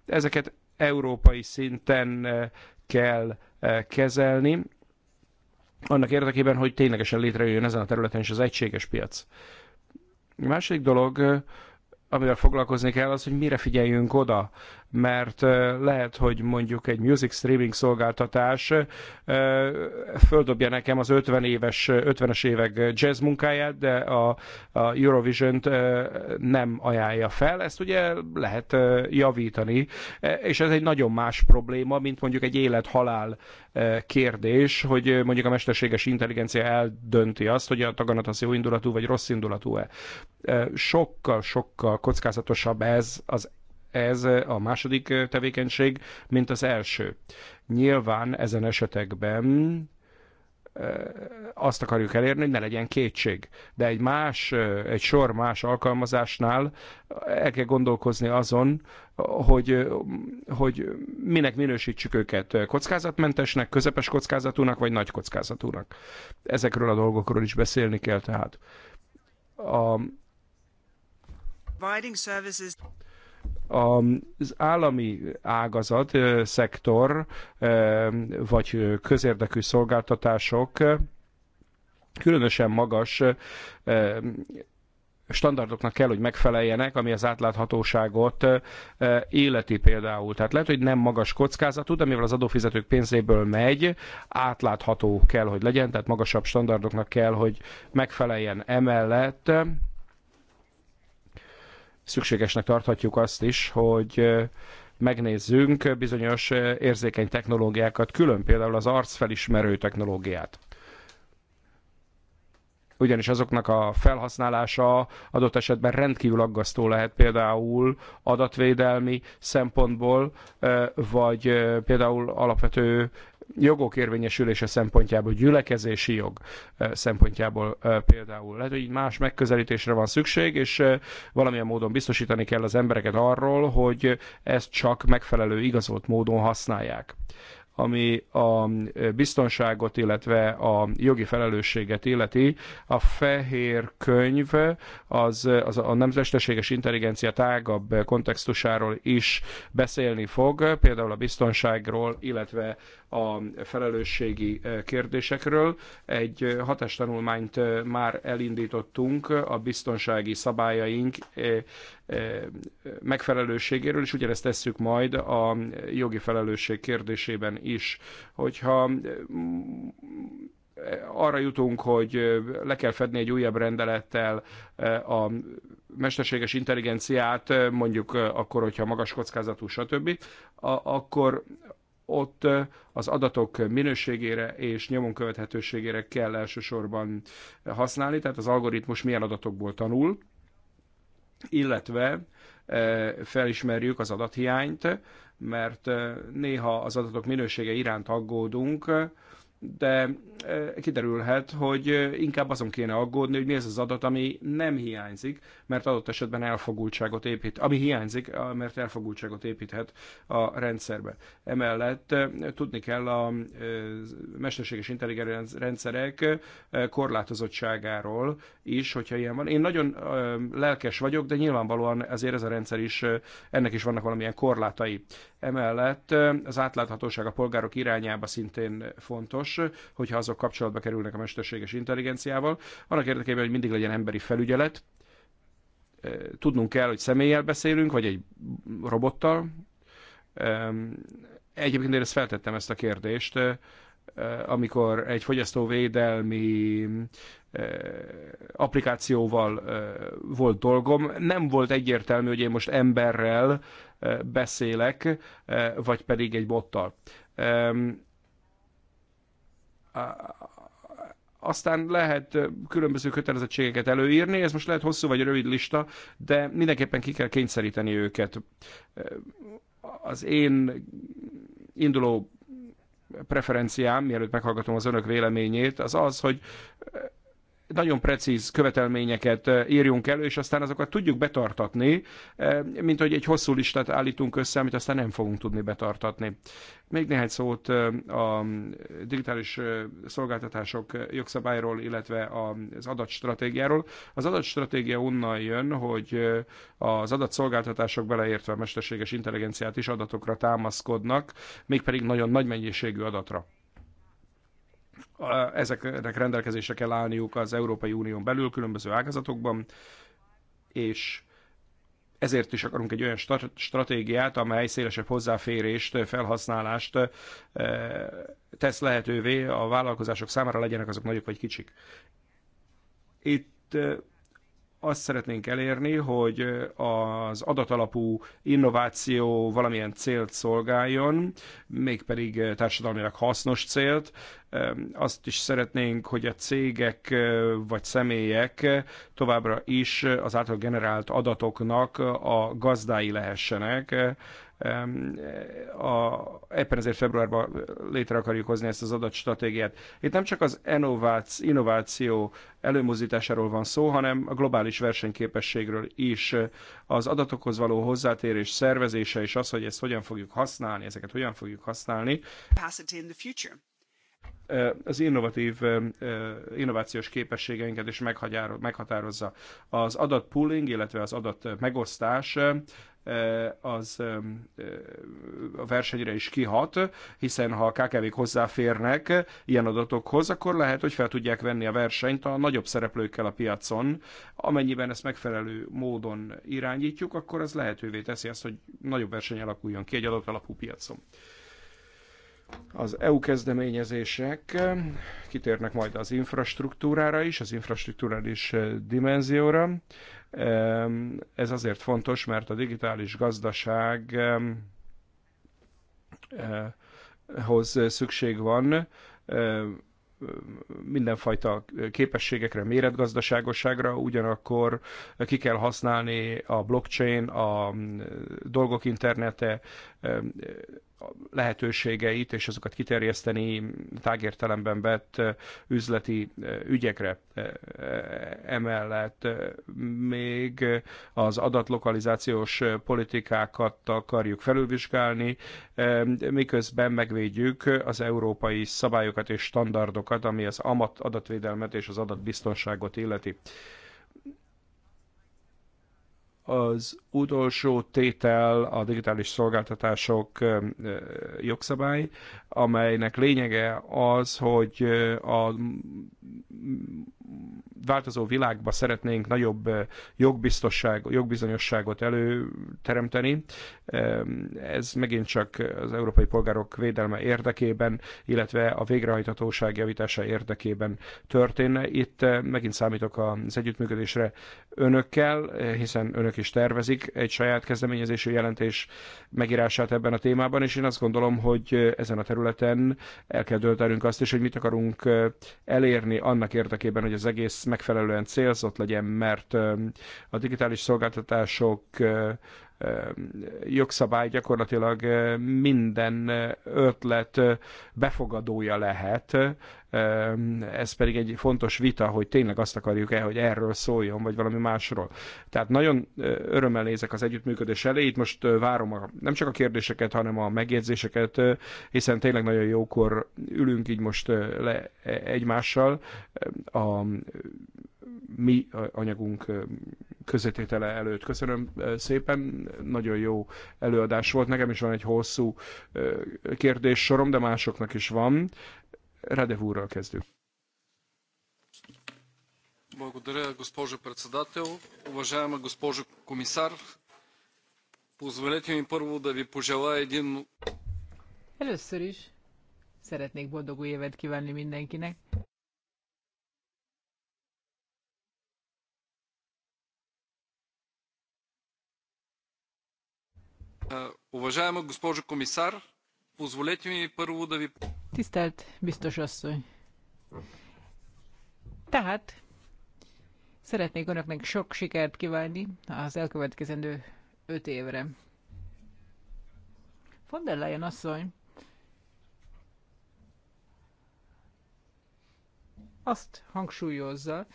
Ezeket európai szinten kell kezelni, annak érdekében, hogy ténylegesen létrejöjjön ezen a területen is az egységes piac. A második dolog amivel foglalkozni kell, az, hogy mire figyeljünk oda mert lehet, hogy mondjuk egy music streaming szolgáltatás földobja nekem az 50 éves, 50-es évek jazz munkáját, de a, a Eurovision-t nem ajánlja fel. Ezt ugye lehet javítani, e, és ez egy nagyon más probléma, mint mondjuk egy élet-halál kérdés, hogy mondjuk a mesterséges intelligencia eldönti azt, hogy a az jó indulatú vagy rossz indulatú-e. Sokkal, sokkal kockázatosabb ez az ez a második tevékenység, mint az első. Nyilván ezen esetekben azt akarjuk elérni, hogy ne legyen kétség. De egy más, egy sor más alkalmazásnál el kell gondolkozni azon, hogy, hogy minek minősítsük őket kockázatmentesnek, közepes kockázatúnak, vagy nagy kockázatúnak. Ezekről a dolgokról is beszélni kell tehát. A, az állami ágazat, szektor, vagy közérdekű szolgáltatások különösen magas standardoknak kell, hogy megfeleljenek, ami az átláthatóságot életi például. Tehát lehet, hogy nem magas kockázatú, de mivel az adófizetők pénzéből megy, átlátható kell, hogy legyen, tehát magasabb standardoknak kell, hogy megfeleljen emellett szükségesnek tarthatjuk azt is, hogy megnézzünk bizonyos érzékeny technológiákat, külön például az arcfelismerő technológiát ugyanis azoknak a felhasználása adott esetben rendkívül aggasztó lehet például adatvédelmi szempontból, vagy például alapvető jogok érvényesülése szempontjából, gyülekezési jog szempontjából például. Lehet, hogy így más megközelítésre van szükség, és valamilyen módon biztosítani kell az embereket arról, hogy ezt csak megfelelő igazolt módon használják ami a biztonságot, illetve a jogi felelősséget illeti. A fehér könyv az, az a nemzetességes intelligencia tágabb kontextusáról is beszélni fog, például a biztonságról, illetve a felelősségi eh, kérdésekről. Egy eh, hatástanulmányt eh, már elindítottunk a biztonsági szabályaink megfelelőségéről, és ugyanezt tesszük majd a jogi felelősség kérdésében is. Hogyha arra jutunk, hogy le kell fedni egy újabb rendelettel a mesterséges intelligenciát, mondjuk akkor, hogyha magas kockázatú, stb., akkor ott az adatok minőségére és nyomon követhetőségére kell elsősorban használni, tehát az algoritmus milyen adatokból tanul, illetve felismerjük az adathiányt, mert néha az adatok minősége iránt aggódunk, de e, kiderülhet, hogy e, inkább azon kéne aggódni, hogy mi ez az adat, ami nem hiányzik, mert adott esetben elfogultságot épít, ami hiányzik, mert elfogultságot építhet a rendszerbe. Emellett e, tudni kell a mesterséges intelligens rendszerek korlátozottságáról is, hogyha ilyen van. Én nagyon lelkes vagyok, de nyilvánvalóan azért ez a rendszer is, ennek is vannak valamilyen korlátai. Emellett az átláthatóság a polgárok irányába szintén fontos, fontos, hogyha azok kapcsolatba kerülnek a mesterséges intelligenciával, annak érdekében, hogy mindig legyen emberi felügyelet, tudnunk kell, hogy személlyel beszélünk, vagy egy robottal. Egyébként én ezt feltettem ezt a kérdést, amikor egy fogyasztóvédelmi applikációval volt dolgom, nem volt egyértelmű, hogy én most emberrel beszélek, vagy pedig egy bottal aztán lehet különböző kötelezettségeket előírni, ez most lehet hosszú vagy rövid lista, de mindenképpen ki kell kényszeríteni őket. Az én induló preferenciám, mielőtt meghallgatom az önök véleményét, az az, hogy nagyon precíz követelményeket eh, írjunk elő, és aztán azokat tudjuk betartatni, eh, mint hogy egy hosszú listát állítunk össze, amit aztán nem fogunk tudni betartatni. Még néhány szót eh, a digitális szolgáltatások jogszabályról, illetve az adatstratégiáról. Az adatstratégia onnan jön, hogy az adatszolgáltatások beleértve a mesterséges intelligenciát is adatokra támaszkodnak, mégpedig nagyon nagy mennyiségű adatra ezeknek rendelkezésre kell állniuk az Európai Unión belül különböző ágazatokban, és ezért is akarunk egy olyan stratégiát, amely szélesebb hozzáférést, felhasználást e, tesz lehetővé a vállalkozások számára, legyenek azok nagyok vagy kicsik. Itt e, azt szeretnénk elérni, hogy az adatalapú innováció valamilyen célt szolgáljon, mégpedig társadalmilag hasznos célt. Azt is szeretnénk, hogy a cégek vagy személyek továbbra is az által generált adatoknak a gazdái lehessenek, a, éppen ezért februárban létre akarjuk hozni ezt az adatstratégiát. Itt nem csak az innováció, innováció előmozdításáról van szó, hanem a globális versenyképességről is. Az adatokhoz való hozzátérés szervezése és az, hogy ezt hogyan fogjuk használni, ezeket hogyan fogjuk használni az innovatív innovációs képességeinket is meghatározza. Az adatpooling, illetve az adat megosztás az a versenyre is kihat, hiszen ha a KKV-k hozzáférnek ilyen adatokhoz, akkor lehet, hogy fel tudják venni a versenyt a nagyobb szereplőkkel a piacon. Amennyiben ezt megfelelő módon irányítjuk, akkor ez lehetővé teszi azt, hogy nagyobb verseny alakuljon ki egy adott alapú piacon. Az EU kezdeményezések kitérnek majd az infrastruktúrára is, az infrastruktúrális dimenzióra. Ez azért fontos, mert a digitális gazdaság eh, hoz szükség van mindenfajta képességekre, méretgazdaságosságra, ugyanakkor ki kell használni a blockchain, a mm, dolgok internete, lehetőségeit, és azokat kiterjeszteni tágértelemben vett üzleti ügyekre. Emellett még az adatlokalizációs politikákat akarjuk felülvizsgálni, miközben megvédjük az európai szabályokat és standardokat, ami az adatvédelmet és az adatbiztonságot illeti. Az utolsó tétel a digitális szolgáltatások jogszabály, amelynek lényege az, hogy a változó világba szeretnénk nagyobb jogbiztosság, jogbizonyosságot előteremteni. Ez megint csak az európai polgárok védelme érdekében, illetve a végrehajthatóság javítása érdekében történne. Itt megint számítok az együttműködésre önökkel, hiszen önök is tervezik egy saját kezdeményezésű jelentés megírását ebben a témában, és én azt gondolom, hogy ezen a területen el kell döntenünk azt is, hogy mit akarunk elérni annak érdekében, hogy az egész megfelelően célzott legyen, mert a digitális szolgáltatások jogszabály gyakorlatilag minden ötlet befogadója lehet. Ez pedig egy fontos vita, hogy tényleg azt akarjuk-e, hogy erről szóljon, vagy valami másról. Tehát nagyon örömmel nézek az együttműködés elé. Itt most várom a, nem csak a kérdéseket, hanem a megjegyzéseket, hiszen tényleg nagyon jókor ülünk így most le e, egymással. A mi anyagunk közvetétele előtt. Köszönöm szépen, nagyon jó előadás volt. Nekem is van egy hosszú kérdéssorom, de másoknak is van. Redevúrral úrral kezdjük. Благодаря, госпожо председател. Уважаема госпожо комисар, позволете ми първо да ви пожелая един... Először is szeretnék boldog új évet kívánni mindenkinek. комисар, Tisztelt biztos asszony! Tehát szeretnék önöknek sok sikert kívánni az elkövetkezendő öt évre. Von der Leyen asszony azt hangsúlyozza,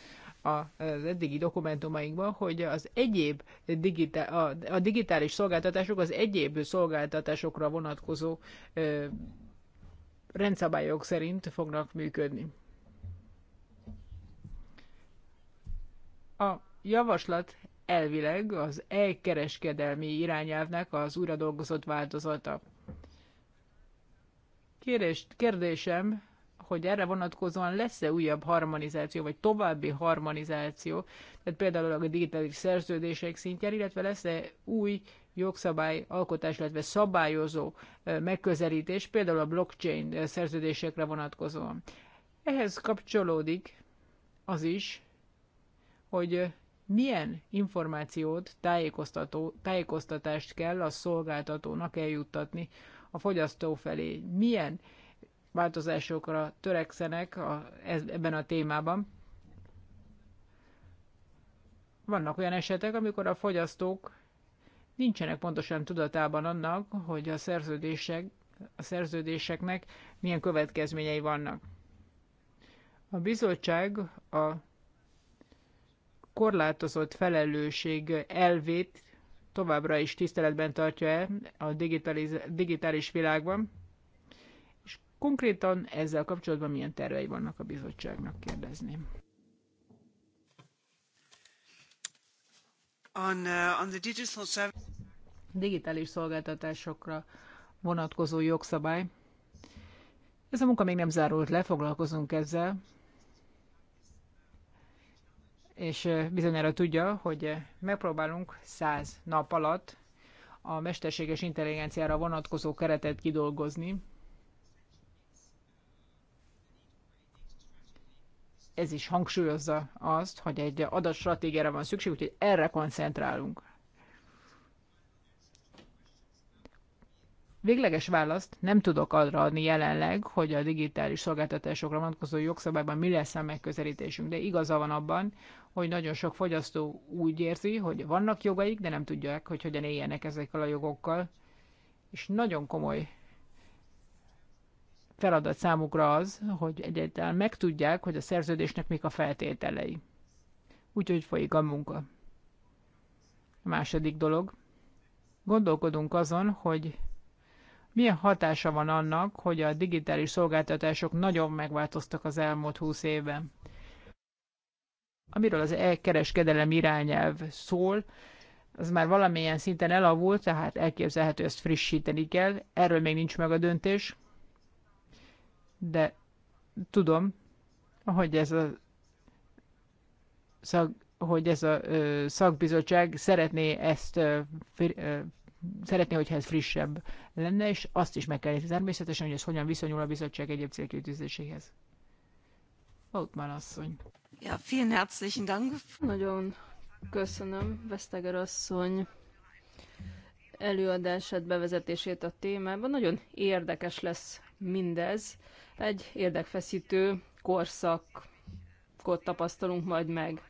az eddigi dokumentumainkban, hogy az egyéb digitál, a, a digitális szolgáltatások az egyéb szolgáltatásokra vonatkozó ö, rendszabályok szerint fognak működni. A javaslat elvileg az e-kereskedelmi irányelvnek az újra dolgozott változata. Kérdés, kérdésem hogy erre vonatkozóan lesz-e újabb harmonizáció, vagy további harmonizáció, tehát például a digitális szerződések szintjén, illetve lesz-e új jogszabály, alkotás, illetve szabályozó megközelítés, például a blockchain szerződésekre vonatkozóan. Ehhez kapcsolódik az is, hogy milyen információt, tájékoztató, tájékoztatást kell a szolgáltatónak eljuttatni a fogyasztó felé. Milyen változásokra törekszenek a, ez, ebben a témában. Vannak olyan esetek, amikor a fogyasztók nincsenek pontosan tudatában annak, hogy a szerződések, a szerződéseknek milyen következményei vannak. A bizottság a korlátozott felelősség elvét továbbra is tiszteletben tartja el a digitális digitális világban, Konkrétan ezzel kapcsolatban milyen tervei vannak a bizottságnak, kérdezném. On, uh, on the digital service... Digitális szolgáltatásokra vonatkozó jogszabály. Ez a munka még nem zárult le, foglalkozunk ezzel. És uh, bizonyára tudja, hogy uh, megpróbálunk száz nap alatt a mesterséges intelligenciára vonatkozó keretet kidolgozni, ez is hangsúlyozza azt, hogy egy adatstratégiára van szükség, úgyhogy erre koncentrálunk. Végleges választ nem tudok arra adni jelenleg, hogy a digitális szolgáltatásokra vonatkozó jogszabályban mi lesz a megközelítésünk, de igaza van abban, hogy nagyon sok fogyasztó úgy érzi, hogy vannak jogaik, de nem tudják, hogy hogyan éljenek ezekkel a jogokkal, és nagyon komoly feladat számukra az, hogy egyáltalán megtudják, hogy a szerződésnek mik a feltételei. Úgyhogy folyik a munka. A második dolog. Gondolkodunk azon, hogy milyen hatása van annak, hogy a digitális szolgáltatások nagyon megváltoztak az elmúlt húsz évben. Amiről az e-kereskedelem irányelv szól, az már valamilyen szinten elavult, tehát elképzelhető, hogy ezt frissíteni kell. Erről még nincs meg a döntés de tudom, hogy ez a szag, hogy ez a ö, szakbizottság szeretné ezt ö, fir, ö, szeretné, hogyha ez frissebb lenne, és azt is meg kell nézni természetesen, hogy ez hogyan viszonyul a bizottság egyéb célkitűzéséhez. Bautmann asszony. Ja, vielen herzlichen Dank. Nagyon köszönöm, Veszteger asszony előadását, bevezetését a témában. Nagyon érdekes lesz mindez, egy érdekfeszítő korszakot tapasztalunk majd meg.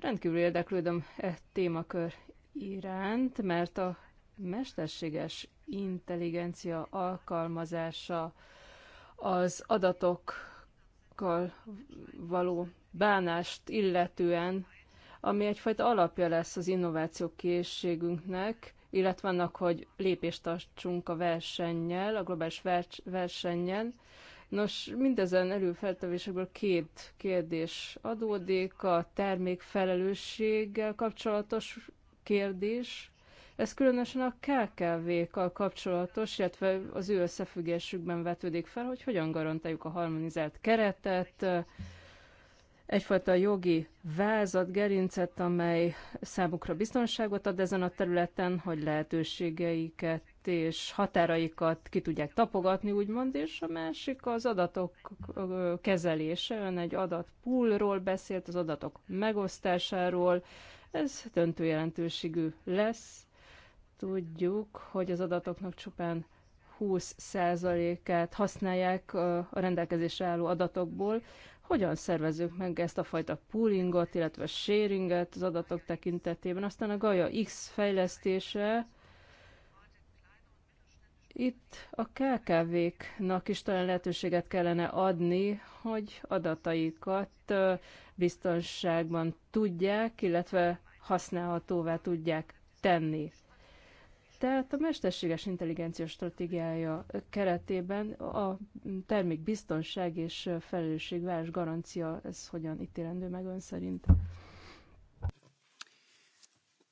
Rendkívül érdeklődöm e témakör iránt, mert a mesterséges intelligencia alkalmazása az adatokkal való bánást illetően, ami egyfajta alapja lesz az innováció készségünknek, illetve annak, hogy lépést tartsunk a versennyel, a globális versennyel, Nos, mindezen előfeltevésekből két kérdés adódik. A termékfelelősséggel kapcsolatos kérdés, ez különösen a KKV-kkal kapcsolatos, illetve az ő összefüggésükben vetődik fel, hogy hogyan garantáljuk a harmonizált keretet, egyfajta jogi vázat, gerincet, amely számukra biztonságot ad ezen a területen, hogy lehetőségeiket és határaikat ki tudják tapogatni, úgymond, és a másik az adatok kezelése. Ön egy adatpoolról beszélt, az adatok megosztásáról. Ez döntő jelentőségű lesz. Tudjuk, hogy az adatoknak csupán 20%-át használják a rendelkezésre álló adatokból. Hogyan szervezzük meg ezt a fajta poolingot, illetve sharinget az adatok tekintetében? Aztán a Gaia X fejlesztése itt a KKV-knak is talán lehetőséget kellene adni, hogy adataikat biztonságban tudják, illetve használhatóvá tudják tenni. Tehát a mesterséges intelligencia stratégiája keretében a termék biztonság és felelősségvárás garancia, ez hogyan ítélendő meg ön szerint?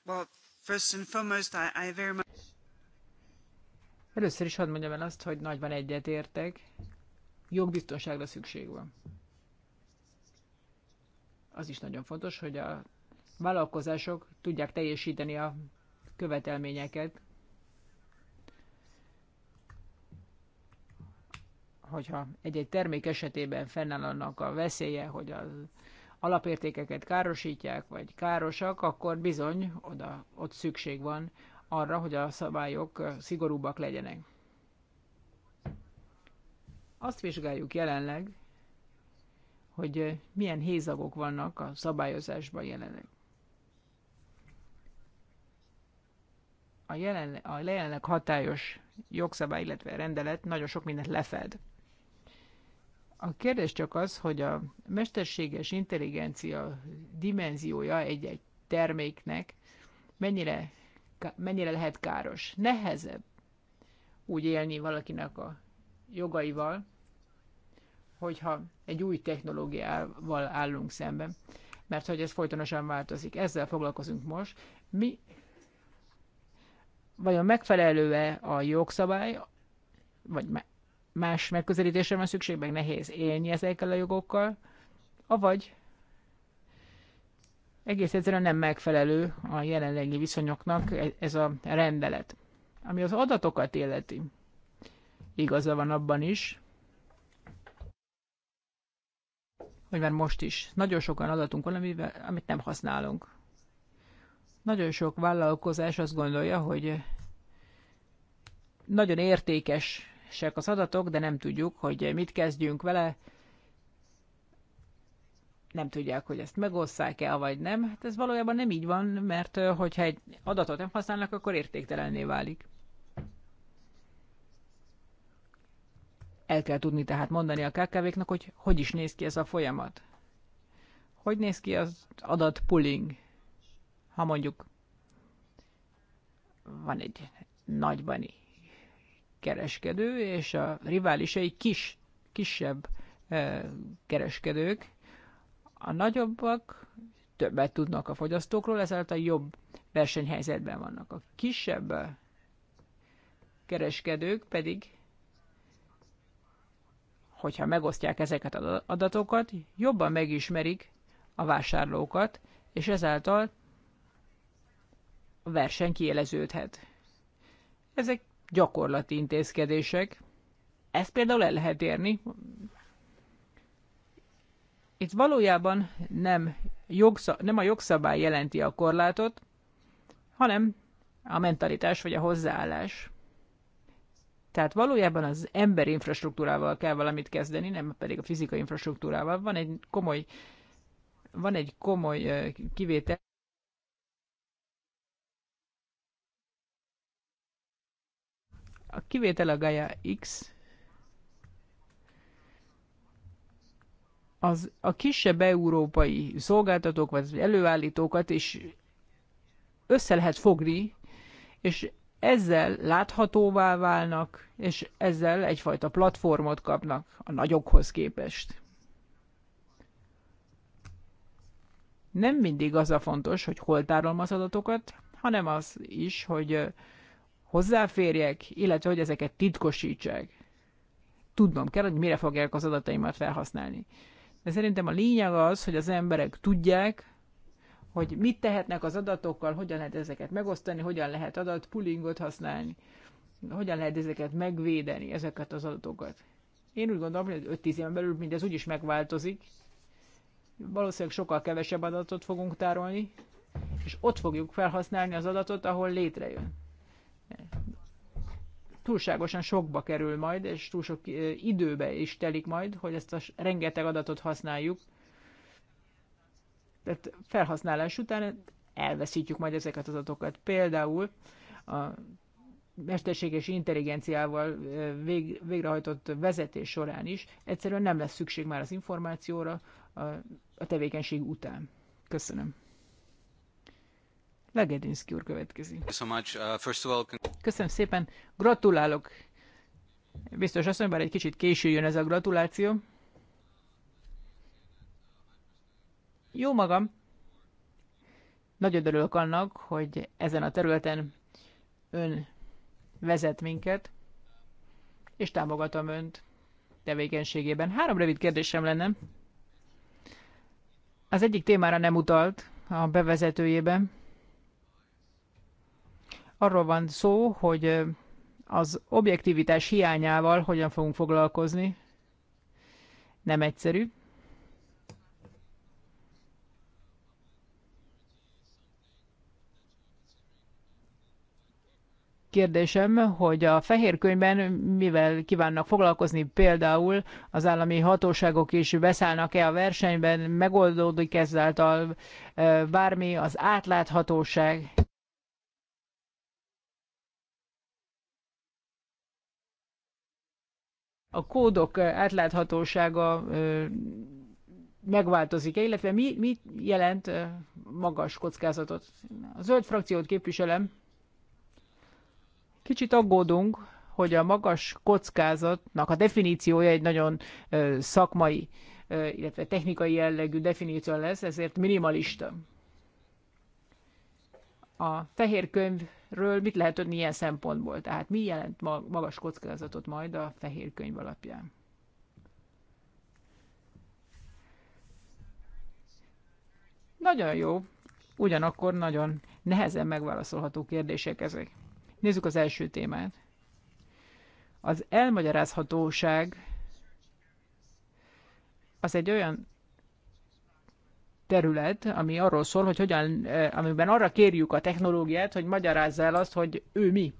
Well, first and foremost, I, I very much... Először is hadd mondjam el azt, hogy nagyban egyetértek. Jogbiztonságra szükség van. Az is nagyon fontos, hogy a vállalkozások tudják teljesíteni a követelményeket, hogyha egy-egy termék esetében fennáll annak a veszélye, hogy az alapértékeket károsítják, vagy károsak, akkor bizony oda, ott szükség van arra, hogy a szabályok szigorúbbak legyenek. Azt vizsgáljuk jelenleg, hogy milyen hézagok vannak a szabályozásban jelenleg. A jelenleg, a jelenleg hatályos jogszabály, illetve rendelet nagyon sok mindent lefed. A kérdés csak az, hogy a mesterséges intelligencia dimenziója egy-egy terméknek mennyire mennyire lehet káros. Nehezebb úgy élni valakinek a jogaival, hogyha egy új technológiával állunk szemben, mert hogy ez folytonosan változik. Ezzel foglalkozunk most. Mi vajon megfelelő-e a jogszabály, vagy más megközelítésre van szükség, meg nehéz élni ezekkel a jogokkal, avagy egész egyszerűen nem megfelelő a jelenlegi viszonyoknak e- ez a rendelet. Ami az adatokat illeti, igaza van abban is, hogy már most is nagyon sokan adatunk van, amit nem használunk. Nagyon sok vállalkozás azt gondolja, hogy nagyon értékesek az adatok, de nem tudjuk, hogy mit kezdjünk vele, nem tudják, hogy ezt megosszák e vagy nem. Hát ez valójában nem így van, mert hogyha egy adatot nem használnak, akkor értéktelenné válik. El kell tudni tehát mondani a KKV-knak, hogy hogy is néz ki ez a folyamat. Hogy néz ki az adat pulling? Ha mondjuk van egy nagybani kereskedő, és a riválisai kis, kisebb kereskedők, a nagyobbak többet tudnak a fogyasztókról, ezáltal jobb versenyhelyzetben vannak. A kisebb kereskedők pedig, hogyha megosztják ezeket az adatokat, jobban megismerik a vásárlókat, és ezáltal a verseny kieleződhet. Ezek gyakorlati intézkedések. Ezt például el lehet érni itt valójában nem, jogszab- nem a jogszabály jelenti a korlátot, hanem a mentalitás vagy a hozzáállás. Tehát valójában az ember infrastruktúrával kell valamit kezdeni, nem pedig a fizikai infrastruktúrával. Van egy komoly, van egy komoly kivétel. A kivétel a Gaia X, az, a kisebb európai szolgáltatók vagy előállítókat is össze lehet fogni, és ezzel láthatóvá válnak, és ezzel egyfajta platformot kapnak a nagyokhoz képest. Nem mindig az a fontos, hogy hol tárolom az adatokat, hanem az is, hogy hozzáférjek, illetve hogy ezeket titkosítsák. Tudnom kell, hogy mire fogják az adataimat felhasználni. De szerintem a lényeg az, hogy az emberek tudják, hogy mit tehetnek az adatokkal, hogyan lehet ezeket megosztani, hogyan lehet adatpullingot használni, hogyan lehet ezeket megvédeni, ezeket az adatokat. Én úgy gondolom, hogy 5-10 éven belül mindez úgyis megváltozik. Valószínűleg sokkal kevesebb adatot fogunk tárolni, és ott fogjuk felhasználni az adatot, ahol létrejön túlságosan sokba kerül majd, és túl sok időbe is telik majd, hogy ezt a rengeteg adatot használjuk. Tehát felhasználás után elveszítjük majd ezeket az adatokat. Például a mesterséges intelligenciával vég, végrehajtott vezetés során is egyszerűen nem lesz szükség már az információra a, a tevékenység után. Köszönöm. Legedinszki úr következik. Uh, Köszönöm szépen, gratulálok! Biztos azt mondom, bár egy kicsit jön ez a gratuláció. Jó magam! Nagyon örülök annak, hogy ezen a területen ön vezet minket, és támogatom önt tevékenységében. Három rövid kérdésem lenne. Az egyik témára nem utalt a bevezetőjében. Arról van szó, hogy az objektivitás hiányával hogyan fogunk foglalkozni. Nem egyszerű. kérdésem, hogy a fehér könyvben mivel kívánnak foglalkozni, például az állami hatóságok is beszállnak-e a versenyben, megoldódik ezáltal bármi, az átláthatóság. a kódok átláthatósága megváltozik-e, illetve mi, mi jelent magas kockázatot? A zöld frakciót képviselem. Kicsit aggódunk, hogy a magas kockázatnak a definíciója egy nagyon szakmai, illetve technikai jellegű definíció lesz, ezért minimalista. A fehér könyv ről mit lehet tudni ilyen szempontból? Tehát mi jelent magas kockázatot majd a fehér könyv alapján? Nagyon jó, ugyanakkor nagyon nehezen megválaszolható kérdések ezek. Nézzük az első témát. Az elmagyarázhatóság az egy olyan terület, ami arról szól, hogy hogyan, eh, amiben arra kérjük a technológiát, hogy magyarázza el azt, hogy ő mi.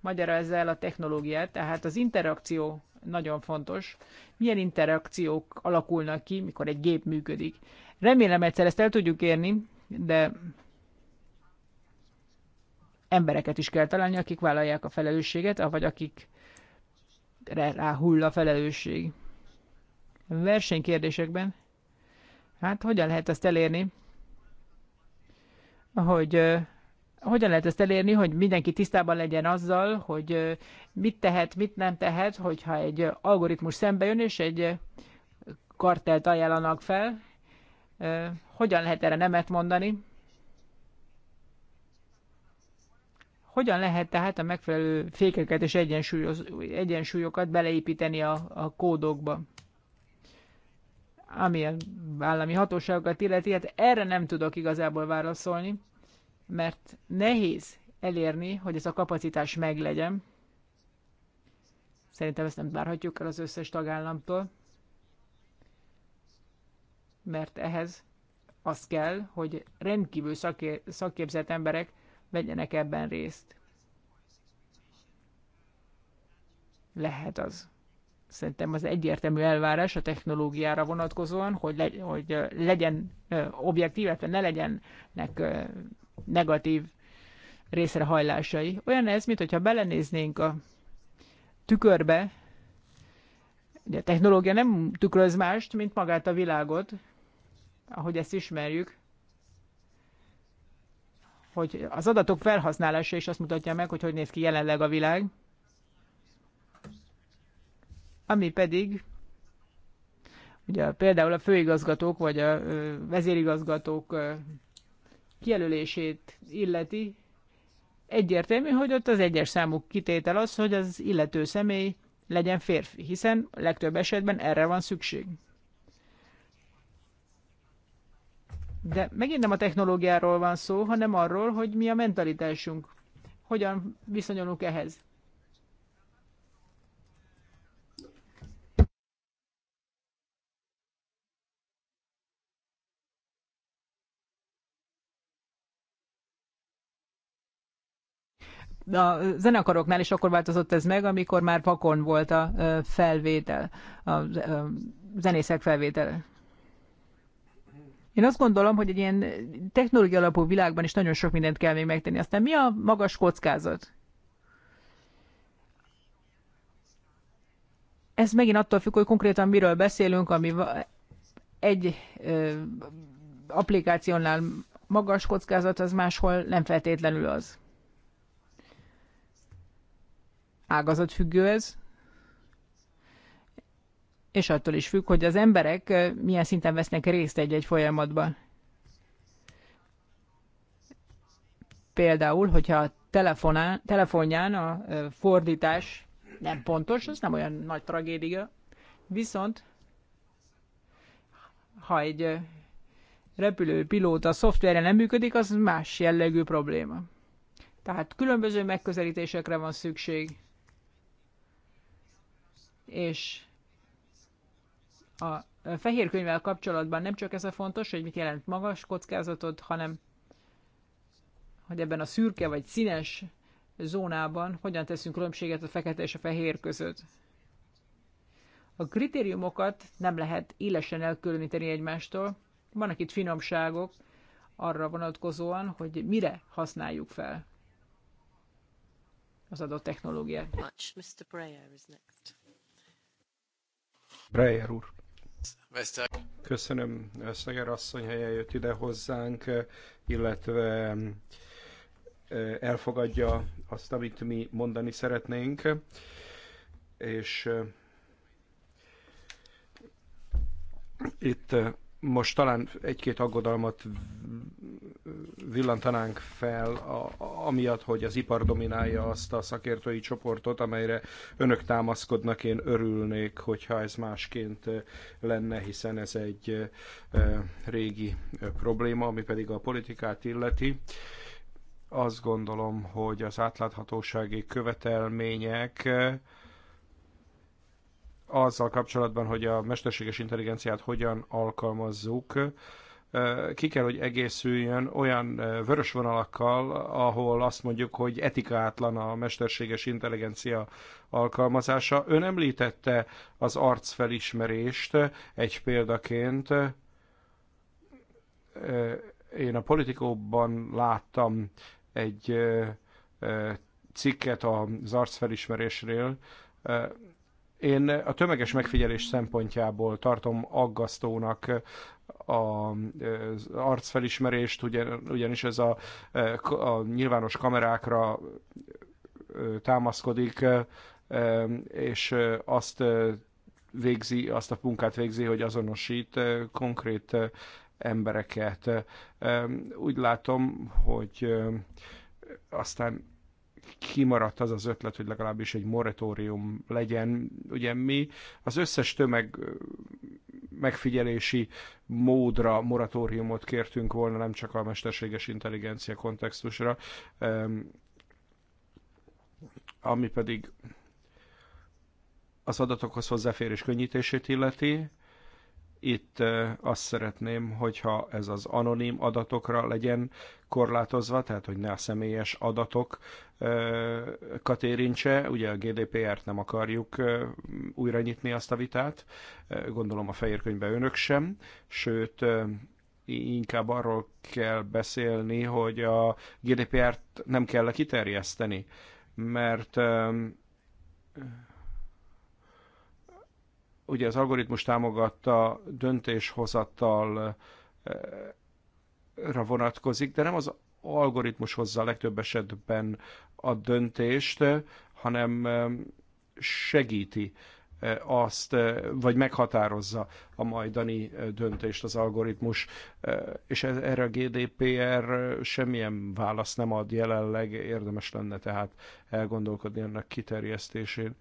Magyarázza el a technológiát, tehát az interakció nagyon fontos. Milyen interakciók alakulnak ki, mikor egy gép működik. Remélem egyszer ezt el tudjuk érni, de embereket is kell találni, akik vállalják a felelősséget, vagy akik ráhull a felelősség. Versenykérdésekben Hát hogyan lehet ezt elérni, hogy uh, hogyan lehet ezt elérni, hogy mindenki tisztában legyen azzal, hogy uh, mit tehet, mit nem tehet, hogyha egy algoritmus szembe jön, és egy kartelt ajánlanak fel, uh, hogyan lehet erre nemet mondani? Hogyan lehet tehát a megfelelő fékeket és egyensúlyokat beleépíteni a, a kódokba? ami a állami hatóságokat illeti, hát erre nem tudok igazából válaszolni, mert nehéz elérni, hogy ez a kapacitás meglegyen. Szerintem ezt nem várhatjuk el az összes tagállamtól, mert ehhez az kell, hogy rendkívül szaké- szakképzett emberek vegyenek ebben részt. Lehet az szerintem az egyértelmű elvárás a technológiára vonatkozóan, hogy, le, hogy legyen objektív, illetve ne legyenek negatív részrehajlásai. Olyan ez, mint hogyha belenéznénk a tükörbe, ugye a technológia nem tükröz mást, mint magát a világot, ahogy ezt ismerjük, hogy az adatok felhasználása is azt mutatja meg, hogy hogy néz ki jelenleg a világ, ami pedig ugye például a főigazgatók vagy a vezérigazgatók kijelölését illeti, egyértelmű, hogy ott az egyes számú kitétel az, hogy az illető személy legyen férfi, hiszen legtöbb esetben erre van szükség. De megint nem a technológiáról van szó, hanem arról, hogy mi a mentalitásunk, hogyan viszonyulunk ehhez. a zenekaroknál is akkor változott ez meg, amikor már vakon volt a felvétel, a zenészek felvétele. Én azt gondolom, hogy egy ilyen technológia alapú világban is nagyon sok mindent kell még megtenni. Aztán mi a magas kockázat? Ez megint attól függ, hogy konkrétan miről beszélünk, ami egy ö, applikációnál magas kockázat, az máshol nem feltétlenül az ágazatfüggő ez, és attól is függ, hogy az emberek milyen szinten vesznek részt egy-egy folyamatban. Például, hogyha a telefonján a fordítás nem pontos, az nem olyan nagy tragédia. Viszont, ha egy repülőpilóta szoftverre nem működik, az más jellegű probléma. Tehát különböző megközelítésekre van szükség és a fehér könyvvel kapcsolatban nem csak ez a fontos, hogy mit jelent magas kockázatot, hanem hogy ebben a szürke vagy színes zónában hogyan teszünk különbséget a fekete és a fehér között. A kritériumokat nem lehet élesen elkülöníteni egymástól. Vannak itt finomságok arra vonatkozóan, hogy mire használjuk fel az adott technológiát. Much. Mr. Breyer is next. Breyer úr. Köszönöm, Szeger asszony helyen jött ide hozzánk, illetve e, elfogadja azt, amit mi mondani szeretnénk, és e, itt e, most talán egy-két aggodalmat villantanánk fel, a, amiatt, hogy az ipar dominálja azt a szakértői csoportot, amelyre önök támaszkodnak, én örülnék, hogyha ez másként eh, lenne, hiszen ez egy eh, régi eh, probléma, ami pedig a politikát illeti azt gondolom, hogy az átláthatósági követelmények azzal kapcsolatban, hogy a mesterséges intelligenciát hogyan alkalmazzuk, ki kell, hogy egészüljön olyan vörös vonalakkal, ahol azt mondjuk, hogy etikátlan a mesterséges intelligencia alkalmazása. Ön említette az arcfelismerést egy példaként. Én a politikóban láttam egy cikket az arcfelismerésről. Én a tömeges megfigyelés szempontjából tartom aggasztónak az arcfelismerést, ugyan, ugyanis ez a, e, a nyilvános kamerákra e, támaszkodik, e, és azt végzi, azt a munkát végzi, hogy azonosít konkrét embereket. Úgy látom, hogy aztán kimaradt az az ötlet, hogy legalábbis egy moratórium legyen. Ugye mi az összes tömeg megfigyelési módra moratóriumot kértünk volna, nem csak a mesterséges intelligencia kontextusra, ami pedig az adatokhoz hozzáférés könnyítését illeti, itt azt szeretném, hogyha ez az anonim adatokra legyen korlátozva, tehát hogy ne a személyes adatok katérintse. Ugye a GDPR-t nem akarjuk újra nyitni azt a vitát, gondolom a fehér könyvbe önök sem, sőt inkább arról kell beszélni, hogy a GDPR-t nem kell kiterjeszteni, mert ugye az algoritmus támogatta döntéshozattal eh, vonatkozik, de nem az algoritmus hozza a legtöbb esetben a döntést, eh, hanem eh, segíti azt, vagy meghatározza a majdani döntést az algoritmus, és e-, erre a GDPR semmilyen választ nem ad jelenleg, érdemes lenne tehát elgondolkodni ennek kiterjesztésén.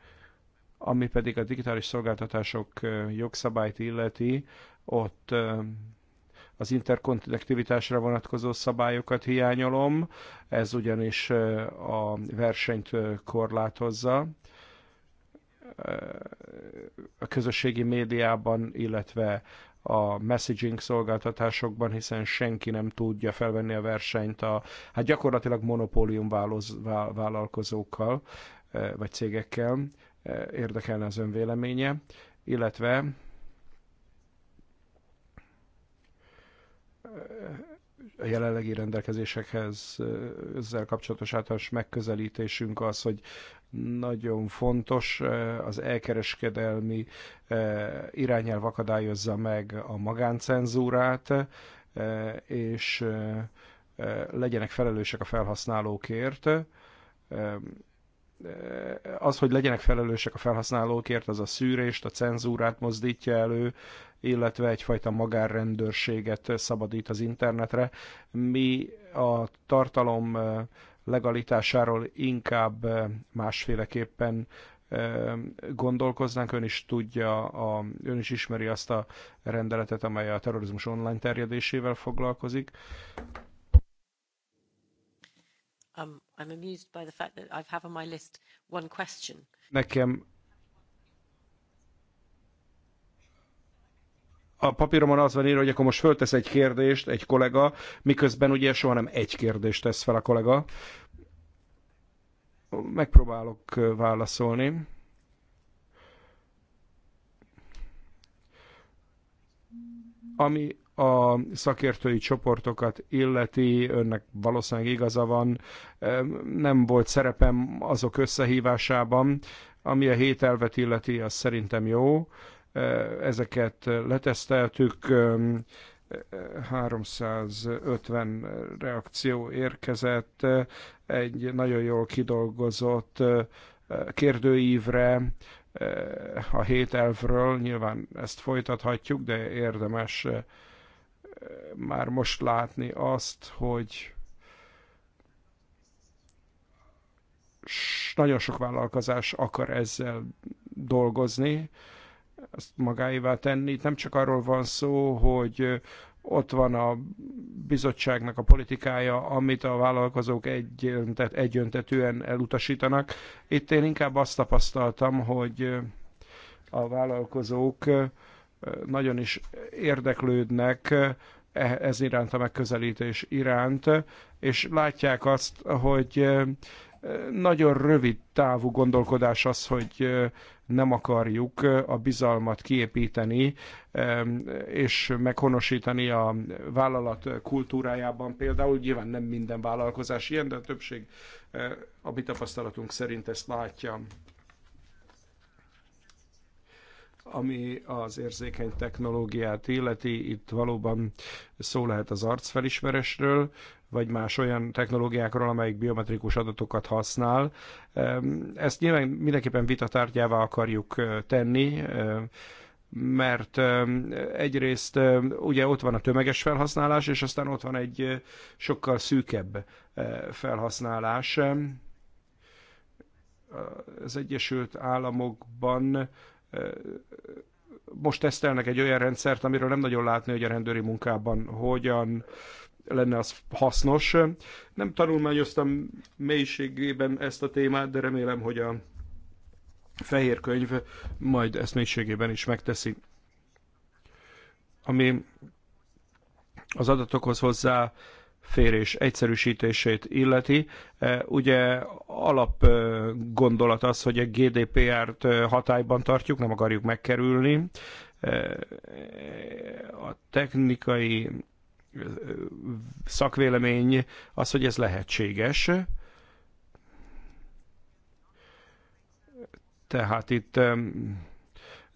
Ami pedig a digitális szolgáltatások jogszabályt illeti, ott az interkonnektivitásra vonatkozó szabályokat hiányolom, ez ugyanis a versenyt korlátozza a közösségi médiában, illetve a messaging szolgáltatásokban, hiszen senki nem tudja felvenni a versenyt a, hát gyakorlatilag monopólium vállalkozókkal vagy cégekkel. E, érdekelne az ön véleménye, illetve e, a jelenlegi rendelkezésekhez e, ezzel kapcsolatos általános megközelítésünk az, hogy nagyon fontos az elkereskedelmi irányelv akadályozza meg a magáncenzúrát, és legyenek felelősek a felhasználókért az, hogy legyenek felelősek a felhasználókért, az a szűrést, a cenzúrát mozdítja elő, illetve egyfajta magárrendőrséget szabadít az internetre. Mi a tartalom eh, legalitásáról inkább eh, másféleképpen eh, gondolkoznánk, ön is tudja, a, ön is ismeri azt a rendeletet, amely a terrorizmus online terjedésével foglalkozik. Um, I'm amused by the fact that I have on my list one question. Nekem a papíromon az van írva, hogy akkor most föltesz egy kérdést egy kollega, miközben ugye soha nem egy kérdést tesz fel a kollega. Megpróbálok válaszolni. Ami a szakértői csoportokat illeti, önnek valószínűleg igaza van, nem volt szerepem azok összehívásában, ami a hét elvet illeti, az szerintem jó. Ezeket leteszteltük, 350 reakció érkezett, egy nagyon jól kidolgozott kérdőívre, a hét elvről, nyilván ezt folytathatjuk, de érdemes már most látni azt, hogy nagyon sok vállalkozás akar ezzel dolgozni, ezt magáévá tenni. nem csak arról van szó, hogy ott van a bizottságnak a politikája, amit a vállalkozók egyöntet, egyöntetően elutasítanak. Itt én inkább azt tapasztaltam, hogy a vállalkozók nagyon is érdeklődnek e, ez iránt a megközelítés iránt, és látják azt, hogy nagyon rövid távú gondolkodás az, hogy nem akarjuk a bizalmat kiépíteni és meghonosítani a vállalat kultúrájában. Például nyilván nem minden vállalkozás ilyen, de a többség a mi tapasztalatunk szerint ezt látja. Ami az érzékeny technológiát illeti, itt valóban szó lehet az arcfelismerésről, vagy más olyan technológiákról, amelyik biometrikus adatokat használ. Ezt nyilván mindenképpen vitatárgyává akarjuk tenni, mert egyrészt ugye ott van a tömeges felhasználás, és aztán ott van egy sokkal szűkebb felhasználás. Az Egyesült Államokban most tesztelnek egy olyan rendszert, amiről nem nagyon látni, hogy a rendőri munkában hogyan lenne az hasznos. Nem tanulmányoztam mélységében ezt a témát, de remélem, hogy a fehér könyv majd ezt mélységében is megteszi. Ami az adatokhoz hozzá férés egyszerűsítését illeti. E, ugye alap gondolat az, hogy a GDPR-t e, hatályban tartjuk, nem akarjuk megkerülni. E, a technikai szakvélemény az, hogy ez lehetséges. Tehát itt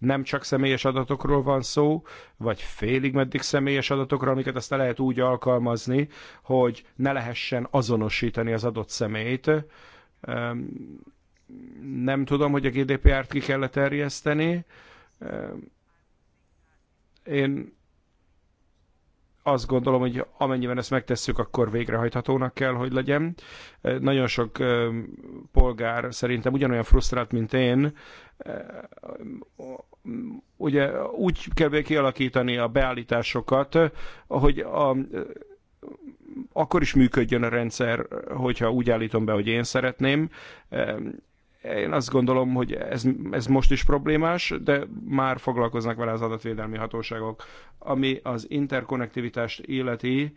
nem csak személyes adatokról van szó, vagy félig meddig személyes adatokra, amiket aztán lehet úgy alkalmazni, hogy ne lehessen azonosítani az adott személyt. Nem tudom, hogy a GDPR-t ki kell terjeszteni. Én azt gondolom, hogy amennyiben ezt megtesszük, akkor végrehajthatónak kell, hogy legyen. Nagyon sok polgár szerintem ugyanolyan frusztrált, mint én, ugye úgy kell kialakítani a beállításokat, hogy a, akkor is működjön a rendszer, hogyha úgy állítom be, hogy én szeretném. Én azt gondolom, hogy ez, ez most is problémás, de már foglalkoznak vele az adatvédelmi hatóságok. Ami az interkonnektivitást illeti,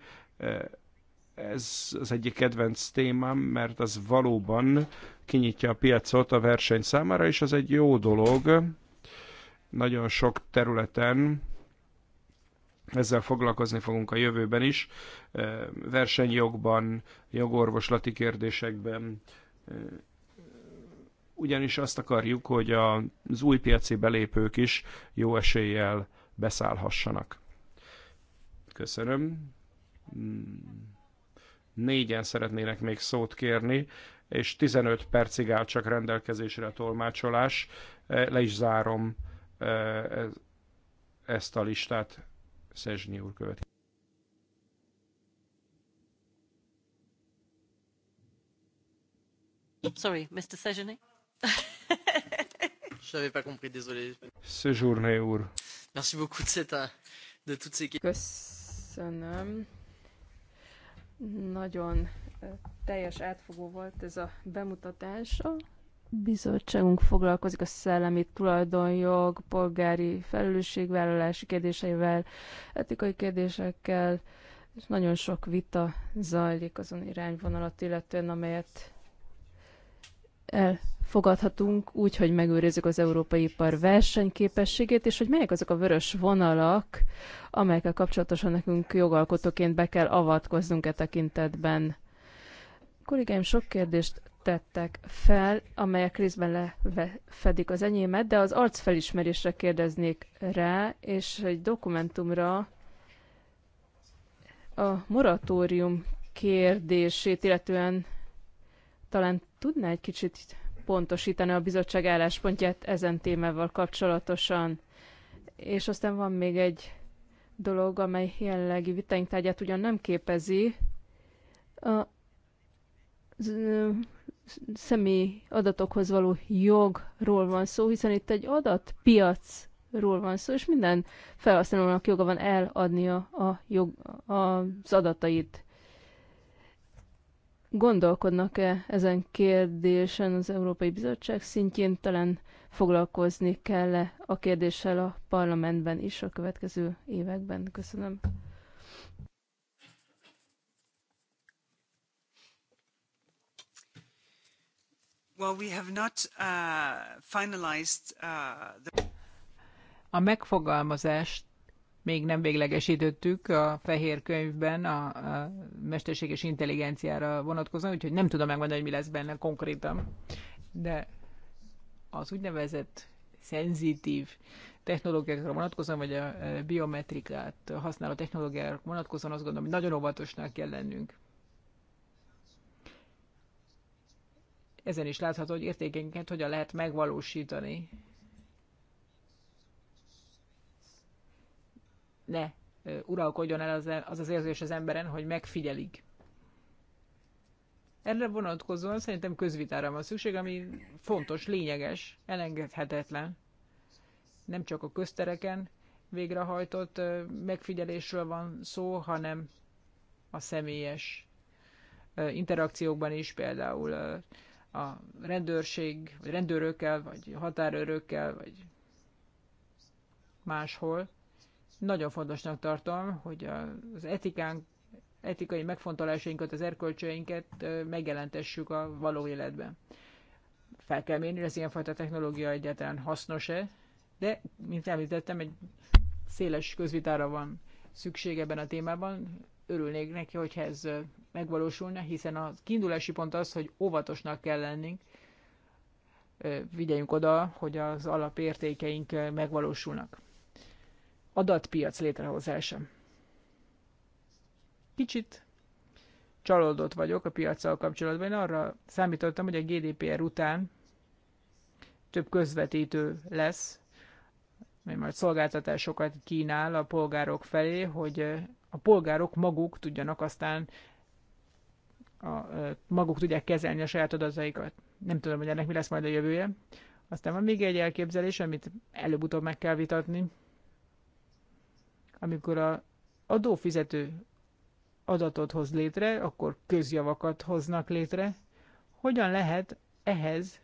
ez az egyik kedvenc témám, mert az valóban kinyitja a piacot a verseny számára, és az egy jó dolog. Nagyon sok területen ezzel foglalkozni fogunk a jövőben is, eh, versenyjogban, jogorvoslati kérdésekben, eh, ugyanis azt akarjuk, hogy az új piaci belépők is jó eséllyel beszállhassanak. Köszönöm. Hmm. Négyen szeretnének még szót kérni, és 15 percig áll csak rendelkezésre a tolmácsolás. E, le is zárom e, e, ezt a listát. Szezsnyi úr követi. Sorry, Mr. Sejourné. Je n'avais pas compris, désolé. Sejourné úr. Merci beaucoup de, cette, de toutes ces questions. Köszönöm. Nagyon teljes átfogó volt ez a bemutatás. A bizottságunk foglalkozik a szellemi tulajdonjog, polgári felelősségvállalási kérdéseivel, etikai kérdésekkel, és nagyon sok vita zajlik azon irányvonalat illetően, amelyet elfogadhatunk úgy, hogy megőrizzük az európai ipar versenyképességét, és hogy melyek azok a vörös vonalak, amelyekkel kapcsolatosan nekünk jogalkotóként be kell avatkoznunk e tekintetben. Kollégáim sok kérdést tettek fel, amelyek részben lefedik az enyémet, de az arcfelismerésre kérdeznék rá, és egy dokumentumra a moratórium kérdését, illetően talán tudná egy kicsit pontosítani a bizottság álláspontját ezen témával kapcsolatosan. És aztán van még egy dolog, amely jelenlegi vitáink tárgyát ugyan nem képezi, a személy adatokhoz való jogról van szó, hiszen itt egy adatpiacról van szó, és minden felhasználónak joga van eladnia a jog, az adatait. Gondolkodnak-e ezen kérdésen az Európai Bizottság szintjén? Talán foglalkozni kell -e a kérdéssel a parlamentben is a következő években. Köszönöm. Uh, uh, a megfogalmazást még nem véglegesítettük a fehér könyvben a, a mesterséges intelligenciára vonatkozóan, úgyhogy nem tudom megmondani, hogy mi lesz benne konkrétan. De az úgynevezett szenzitív technológiákra vonatkozóan, vagy a biometrikát használó technológiákra vonatkozóan azt gondolom, hogy nagyon óvatosnak kell lennünk. Ezen is látható, hogy értékeinket hogyan lehet megvalósítani. Ne uralkodjon el az, e- az az érzés az emberen, hogy megfigyelik. Erre vonatkozóan szerintem közvitára van szükség, ami fontos, lényeges, elengedhetetlen. Nem csak a köztereken végrehajtott megfigyelésről van szó, hanem a személyes interakciókban is, például a rendőrség, vagy rendőrökkel, vagy határőrökkel, vagy máshol. Nagyon fontosnak tartom, hogy az etikánk, etikai megfontolásainkat, az erkölcseinket megjelentessük a való életben. Fel kell mérni, hogy az ilyenfajta technológia egyáltalán hasznos-e, de, mint említettem, egy széles közvitára van szükség ebben a témában örülnék neki, hogyha ez megvalósulna, hiszen a kiindulási pont az, hogy óvatosnak kell lennünk, vigyeljünk oda, hogy az alapértékeink megvalósulnak. Adatpiac létrehozása. Kicsit csalódott vagyok a piacsal kapcsolatban. Én arra számítottam, hogy a GDPR után több közvetítő lesz, mert majd szolgáltatásokat kínál a polgárok felé, hogy a polgárok maguk tudjanak aztán a, maguk tudják kezelni a saját adataikat. Nem tudom, hogy ennek mi lesz majd a jövője. Aztán van még egy elképzelés, amit előbb-utóbb meg kell vitatni. Amikor a adófizető adatot hoz létre, akkor közjavakat hoznak létre. Hogyan lehet ehhez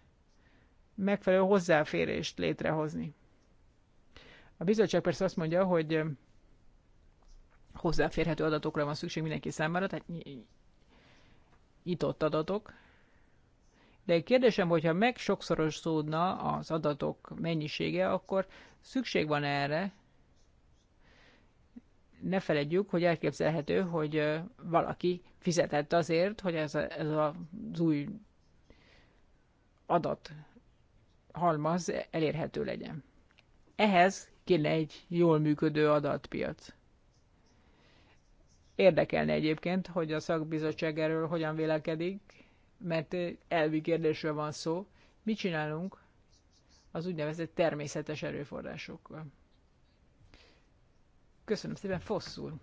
megfelelő hozzáférést létrehozni? A bizottság persze azt mondja, hogy hozzáférhető adatokra van szükség mindenki számára, tehát nyitott adatok. De kérdésem, hogyha meg sokszoros szódna az adatok mennyisége, akkor szükség van erre. Ne feledjük, hogy elképzelhető, hogy valaki fizetett azért, hogy ez, a, ez az új adat halmaz elérhető legyen. Ehhez kéne egy jól működő adatpiac. Érdekelne egyébként, hogy a szakbizottság erről hogyan vélekedik, mert elvi kérdésről van szó. Mit csinálunk az úgynevezett természetes erőforrásokkal? Köszönöm szépen, Fosszul.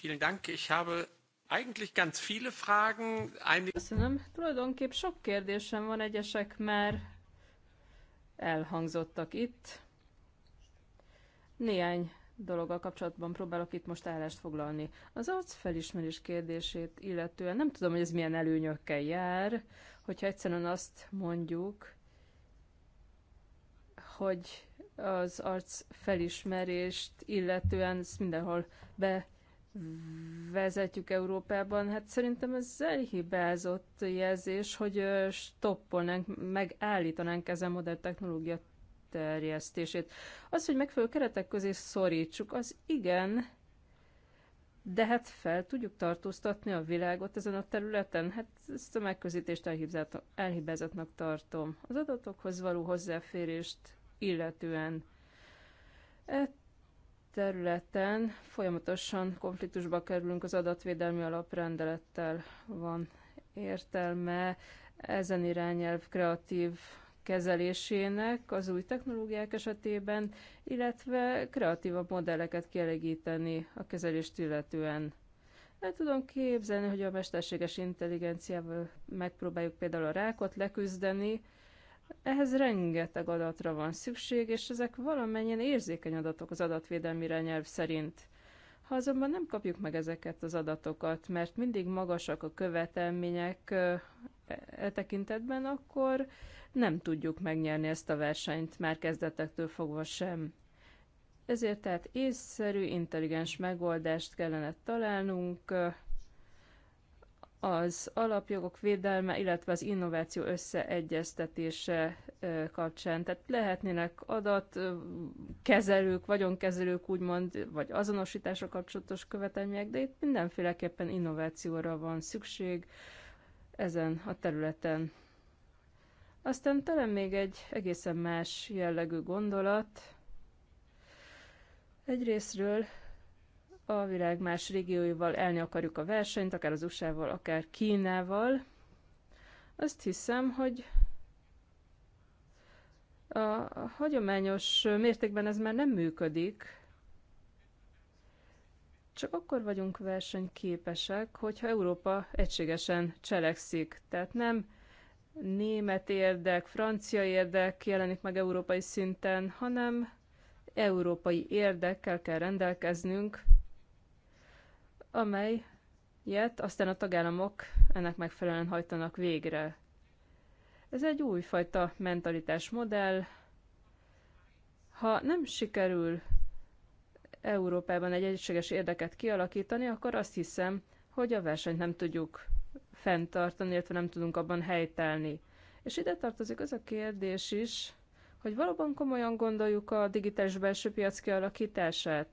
Vielen Dank. Ich habe eigentlich ganz viele Fragen. Köszönöm. Tulajdonképp sok kérdésem van, egyesek mert elhangzottak itt. Néhány dologgal kapcsolatban próbálok itt most állást foglalni. Az felismerés kérdését illetően nem tudom, hogy ez milyen előnyökkel jár, hogyha egyszerűen azt mondjuk, hogy az felismerést illetően ezt mindenhol bevezetjük Európában. Hát szerintem ez elhibázott jelzés, hogy stoppolnánk, megállítanánk ezen modern technológia terjesztését. Az, hogy megfelelő keretek közé szorítsuk, az igen, de hát fel tudjuk tartóztatni a világot ezen a területen? Hát ezt a megközítést elhibázatnak tartom. Az adatokhoz való hozzáférést illetően e területen folyamatosan konfliktusba kerülünk az adatvédelmi alaprendelettel. Van értelme ezen irányelv kreatív kezelésének az új technológiák esetében, illetve kreatívabb modelleket kielégíteni a kezelést illetően. El tudom képzelni, hogy a mesterséges intelligenciával megpróbáljuk például a rákot leküzdeni, ehhez rengeteg adatra van szükség, és ezek valamennyien érzékeny adatok az adatvédelmi irányelv szerint. Ha azonban nem kapjuk meg ezeket az adatokat, mert mindig magasak a követelmények e, e tekintetben, akkor nem tudjuk megnyerni ezt a versenyt, már kezdetektől fogva sem. Ezért tehát észszerű, intelligens megoldást kellene találnunk, az alapjogok védelme, illetve az innováció összeegyeztetése kapcsán. Tehát lehetnének adatkezelők, vagyonkezelők úgymond, vagy azonosításra kapcsolatos követelmények, de itt mindenféleképpen innovációra van szükség ezen a területen. Aztán talán még egy egészen más jellegű gondolat. Egyrésztről a világ más régióival elni akarjuk a versenyt, akár az USA-val, akár Kínával. Azt hiszem, hogy a hagyományos mértékben ez már nem működik. Csak akkor vagyunk versenyképesek, hogyha Európa egységesen cselekszik. Tehát nem német érdek, francia érdek jelenik meg európai szinten, hanem európai érdekkel kell rendelkeznünk, amelyet aztán a tagállamok ennek megfelelően hajtanak végre. Ez egy újfajta mentalitásmodell. Ha nem sikerül Európában egy egységes érdeket kialakítani, akkor azt hiszem, hogy a versenyt nem tudjuk fenntartani, illetve nem tudunk abban helytelni. És ide tartozik az a kérdés is, hogy valóban komolyan gondoljuk a digitális belső piac kialakítását?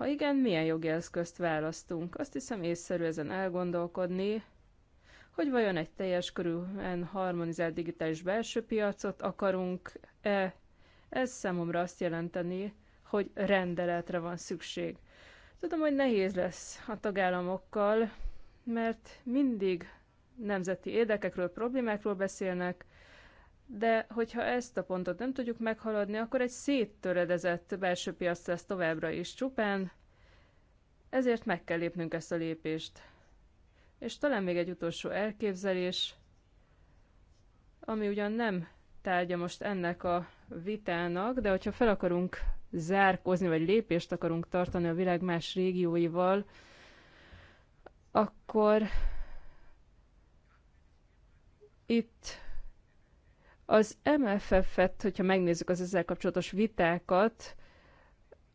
Ha igen, milyen jogi eszközt választunk? Azt hiszem észszerű ezen elgondolkodni, hogy vajon egy teljes körülön harmonizált digitális belső piacot akarunk-e. Ez számomra azt jelenteni, hogy rendeletre van szükség. Tudom, hogy nehéz lesz a tagállamokkal, mert mindig nemzeti érdekekről, problémákról beszélnek, de hogyha ezt a pontot nem tudjuk meghaladni, akkor egy széttöredezett belső piac lesz továbbra is csupán, ezért meg kell lépnünk ezt a lépést. És talán még egy utolsó elképzelés, ami ugyan nem tárgya most ennek a vitának, de hogyha fel akarunk zárkozni, vagy lépést akarunk tartani a világ más régióival, akkor itt az MFF-et, hogyha megnézzük az ezzel kapcsolatos vitákat,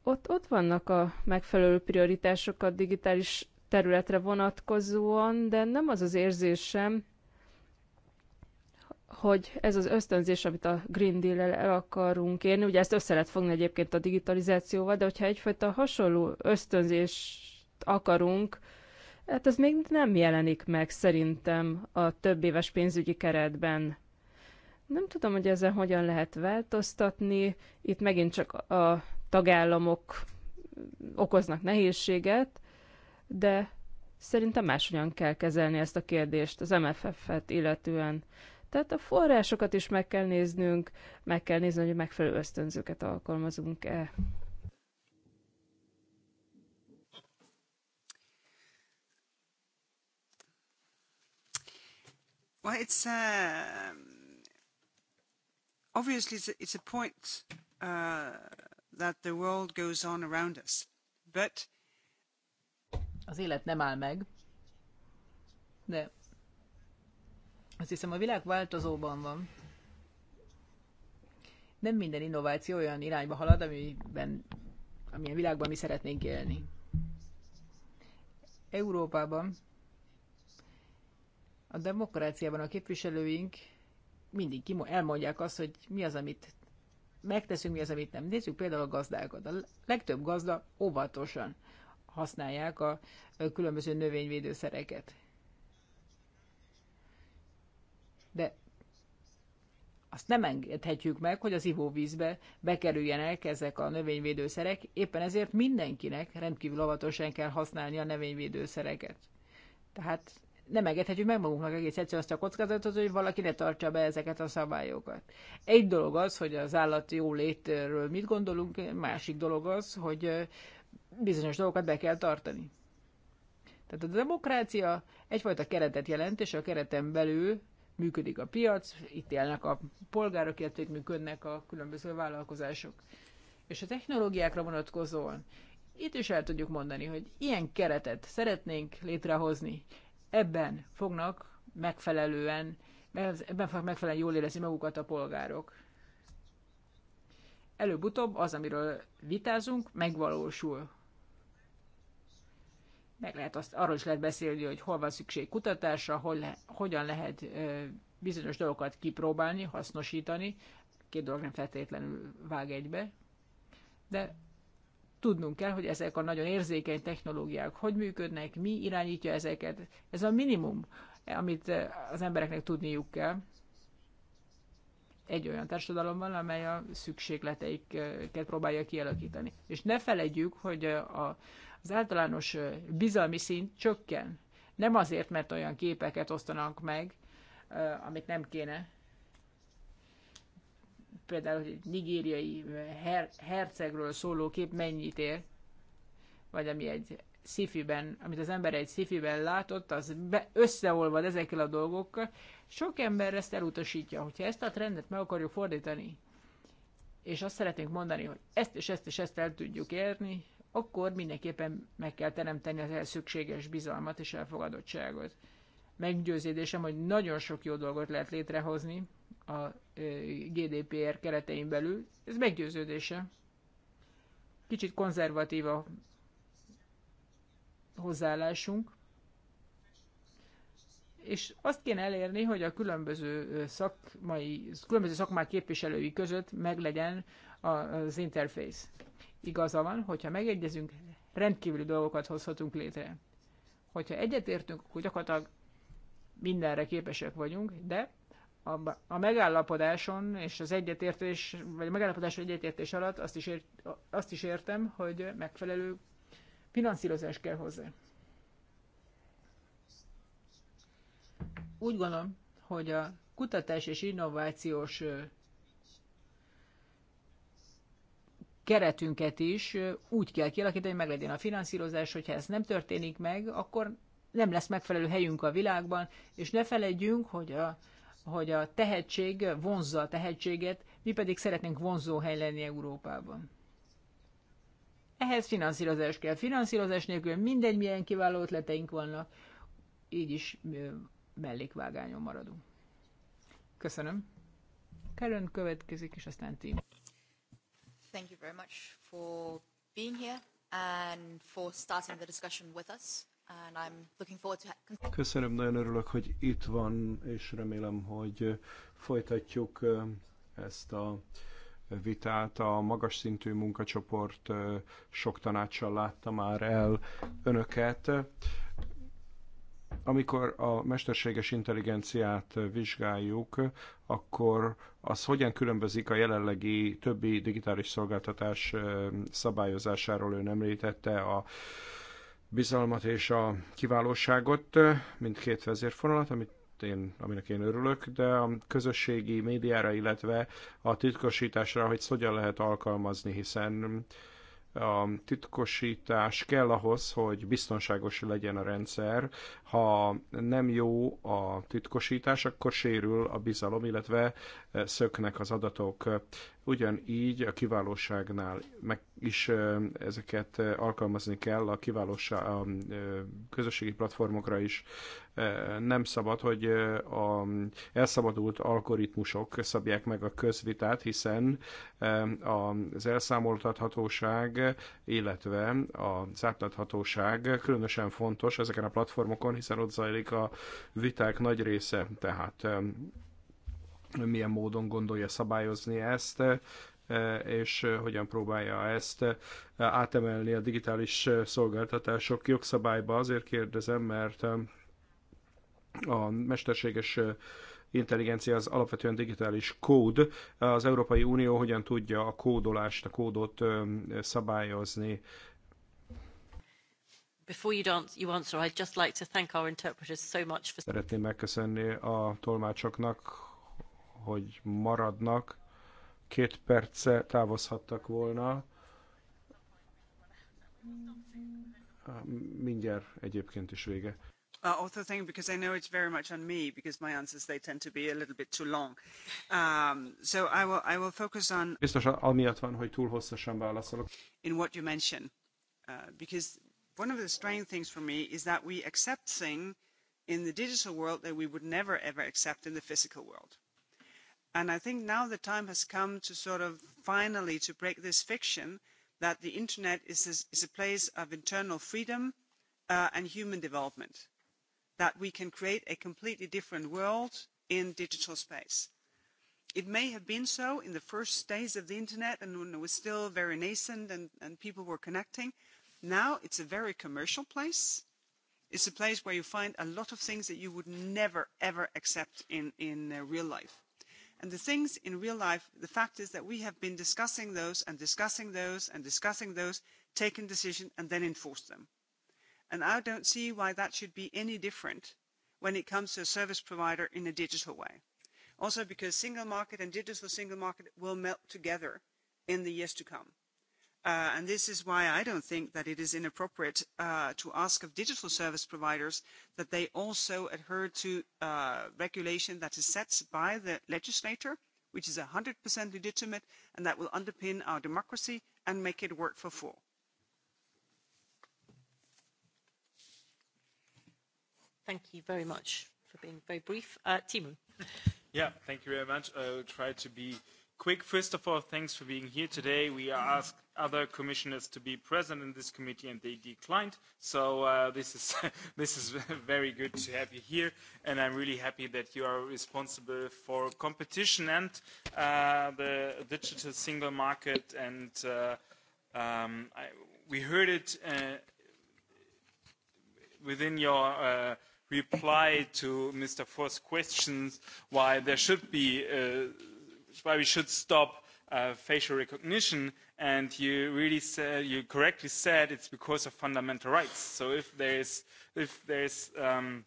ott, ott vannak a megfelelő prioritások a digitális területre vonatkozóan, de nem az az érzésem, hogy ez az ösztönzés, amit a Green Deal-el el akarunk érni, ugye ezt össze lehet fogni egyébként a digitalizációval, de hogyha egyfajta hasonló ösztönzést akarunk, hát ez még nem jelenik meg szerintem a több éves pénzügyi keretben. Nem tudom, hogy ezzel hogyan lehet változtatni. Itt megint csak a tagállamok okoznak nehézséget, de szerintem máshogyan kell kezelni ezt a kérdést az MFF-et illetően. Tehát a forrásokat is meg kell néznünk, meg kell nézni, hogy megfelelő ösztönzőket alkalmazunk-e. Well, it's, uh obviously it's a, it's a point uh, that the world goes on around us, but az élet nem áll meg, de azt hiszem a világ változóban van. Nem minden innováció olyan irányba halad, amiben, amilyen világban mi szeretnénk élni. Európában a demokráciában a képviselőink mindig elmondják azt, hogy mi az, amit megteszünk, mi az, amit nem. Nézzük például a gazdákat. A legtöbb gazda óvatosan használják a különböző növényvédőszereket. De azt nem engedhetjük meg, hogy az ivóvízbe bekerüljenek ezek a növényvédőszerek, éppen ezért mindenkinek rendkívül óvatosan kell használni a növényvédőszereket. Tehát nem engedhetjük meg magunknak egész egyszerűen azt a kockázatot, hogy valaki ne tartsa be ezeket a szabályokat. Egy dolog az, hogy az állat létről mit gondolunk, másik dolog az, hogy bizonyos dolgokat be kell tartani. Tehát a demokrácia egyfajta keretet jelent, és a kereten belül működik a piac, itt élnek a polgárok, illetve itt működnek a különböző vállalkozások. És a technológiákra vonatkozóan itt is el tudjuk mondani, hogy ilyen keretet szeretnénk létrehozni, Ebben fognak megfelelően, ebben fognak megfelelően jól érezni magukat a polgárok. Előbb-utóbb az, amiről vitázunk, megvalósul. Meg lehet azt, arról is lehet beszélni, hogy hol van szükség kutatásra, hol le, hogyan lehet ö, bizonyos dolgokat kipróbálni, hasznosítani. Két dolog nem feltétlenül vág egybe, de tudnunk kell, hogy ezek a nagyon érzékeny technológiák hogy működnek, mi irányítja ezeket. Ez a minimum, amit eh, az embereknek tudniuk kell egy olyan társadalomban, amely a szükségleteiket próbálja kialakítani. És ne felejtjük, hogy eh, a, az általános eh, bizalmi szint csökken. Nem azért, mert olyan képeket osztanak meg, amit nem kéne, például, hogy egy nigériai eh, her, hercegről szóló kép mennyit ér, vagy ami egy szifiben, amit az ember egy szifiben látott, az be, összeolvad ezekkel a dolgokkal. Sok ember ezt elutasítja, hogyha ezt a trendet meg akarjuk fordítani, és azt szeretnénk mondani, hogy ezt és ezt és ezt el tudjuk érni, akkor mindenképpen meg kell teremteni az elszükséges bizalmat és elfogadottságot. Meggyőződésem, hogy nagyon sok jó dolgot lehet létrehozni, a GDPR keretein belül. Ez meggyőződése. Kicsit konzervatív a hozzáállásunk. És azt kéne elérni, hogy a különböző, szakmai, különböző szakmák képviselői között meglegyen az interfész. Igaza van, hogyha megegyezünk, rendkívüli dolgokat hozhatunk létre. Hogyha egyetértünk, akkor gyakorlatilag mindenre képesek vagyunk, de a, a megállapodáson és az egyetértés, vagy a megállapodás egyetértés alatt azt is, ért, azt is értem, hogy megfelelő finanszírozás kell hozzá. Úgy gondolom, hogy a kutatás és innovációs keretünket is úgy kell kialakítani, hogy meglegyen a finanszírozás, hogyha ez nem történik meg, akkor nem lesz megfelelő helyünk a világban, és ne felejtjünk, hogy a hogy a tehetség vonzza a tehetséget, mi pedig szeretnénk vonzó hely lenni Európában. Ehhez finanszírozás kell. Finanszírozás nélkül mindegy, milyen kiváló ötleteink vannak, így is mellékvágányon maradunk. Köszönöm. Karen következik, és aztán Tim. Thank you very much for being here and for starting the discussion with us. Köszönöm, nagyon örülök, hogy itt van, és remélem, hogy folytatjuk ezt a vitát. A magas szintű munkacsoport sok tanácssal látta már el önöket. Amikor a mesterséges intelligenciát vizsgáljuk, akkor az hogyan különbözik a jelenlegi többi digitális szolgáltatás szabályozásáról? Ön említette a bizalmat és a kiválóságot, mindkét vezérfonalat, amit én, aminek én örülök, de a közösségi médiára, illetve a titkosításra, hogy hogyan lehet alkalmazni, hiszen a titkosítás kell ahhoz, hogy biztonságos legyen a rendszer, ha nem jó a titkosítás, akkor sérül a bizalom, illetve e, szöknek az adatok. Ugyanígy a kiválóságnál meg is e, ezeket e, alkalmazni kell a, kiválóság, a közösségi platformokra is. Nem szabad, hogy a elszabadult algoritmusok szabják meg a közvitát, hiszen az elszámoltathatóság, illetve a átláthatóság különösen fontos ezeken a platformokon, hiszen ott zajlik a viták nagy része, tehát milyen módon gondolja szabályozni ezt, e, és e, hogyan próbálja ezt e, átemelni a digitális szolgáltatások jogszabályba. Azért kérdezem, mert a mesterséges intelligencia az alapvetően digitális kód. Az Európai Unió hogyan tudja a kódolást, a kódot szabályozni? Before you, you answer, I'd just like to thank our interpreters so much for... Szeretném megköszönni a tolmácsoknak, hogy maradnak. Két perce távozhattak volna. Mindjárt egyébként is vége. Uh, also thank because I know it's very much on me because my answers they tend to be a little bit too long. Um, so I will I will focus on. Biztos amiatt van, hogy túl hosszasan válaszolok. In what you mention, uh, because one of the strange things for me is that we accept things in the digital world that we would never ever accept in the physical world. And I think now the time has come to sort of finally to break this fiction that the internet is a, is a place of internal freedom uh, and human development, that we can create a completely different world in digital space. It may have been so in the first days of the internet and when it was still very nascent and, and people were connecting, Now it's a very commercial place. It's a place where you find a lot of things that you would never, ever accept in, in uh, real life. And the things in real life, the fact is that we have been discussing those and discussing those and discussing those, taking decision and then enforce them. And I don't see why that should be any different when it comes to a service provider in a digital way. Also because single market and digital single market will melt together in the years to come. Uh, and this is why I don't think that it is inappropriate uh, to ask of digital service providers that they also adhere to a uh, regulation that is set by the legislator, which is one hundred legitimate, and that will underpin our democracy and make it work for full. Thank you very much for being very brief. Uh, Timo. thank you very much. I will try to be quick. First of all, thanks for being here today. We asked other commissioners to be present in this committee and they declined. So uh, this is this is very good to have you here, and I'm really happy that you are responsible for competition and uh, the digital single market. And uh, um, I, we heard it uh, within your. Uh, reply to Mr. Ford's questions why there should be uh, why we should stop uh, facial recognition, and you really said, you correctly said it's because of fundamental rights. So if there is if there is um,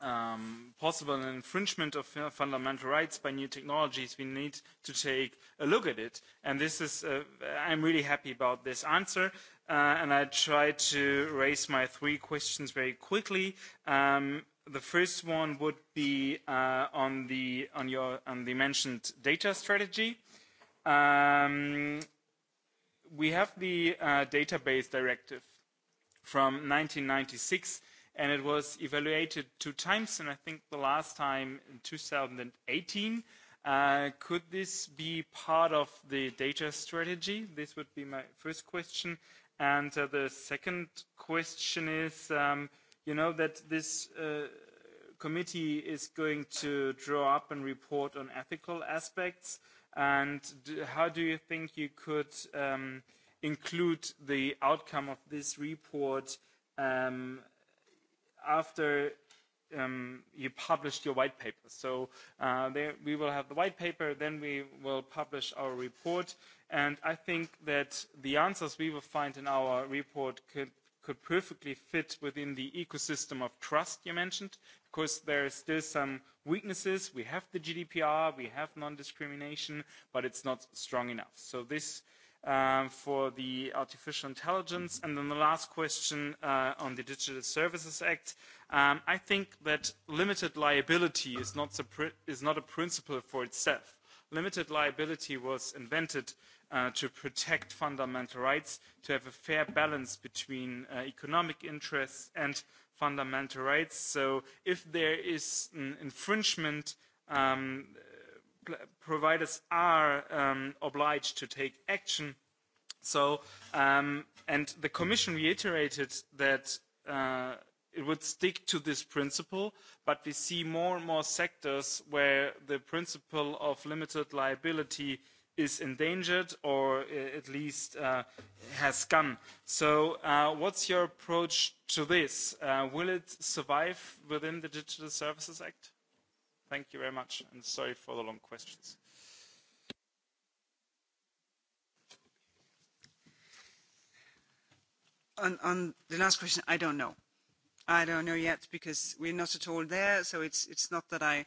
um, possible infringement of uh, fundamental rights by new technologies, we need to take a look at it. And this is, uh, I'm really happy about this answer. Uh, and I try to raise my three questions very quickly. Um, the first one would be uh, on the on your on the mentioned data strategy. Uh, Um, we have the uh, database directive from 1996, and it was evaluated two times, and I think the last time in 2018. Uh, could this be part of the data strategy? This would be my first question. And uh, the second question is, um, you know, that this uh, committee is going to draw up and report on ethical aspects. And how do you think you could um, include the outcome of this report um, after um, you published your white paper? So uh, there we will have the white paper, then we will publish our report. And I think that the answers we will find in our report could could perfectly fit within the ecosystem of trust you mentioned course, there are still some weaknesses. We have the GDPR, we have non-discrimination, but it's not strong enough. So this um, for the artificial intelligence. And then the last question uh, on the Digital Services Act. Um, I think that limited liability is not, is not a principle for itself. Limited liability was invented uh, to protect fundamental rights, to have a fair balance between uh, economic interests and fundamental rights. So if there is an infringement, um, providers are um, obliged to take action. So, um, and the Commission reiterated that uh, it would stick to this principle, but we see more and more sectors where the principle of limited liability uh, is endangered or at least uh, has come. So uh, what's your approach to this? Uh, will it survive within the Digital Services Act? Thank you very much, and sorry for the long questions. On, on the last question, I don't know. I don't know yet because we're not at all there, so it's, it's not that I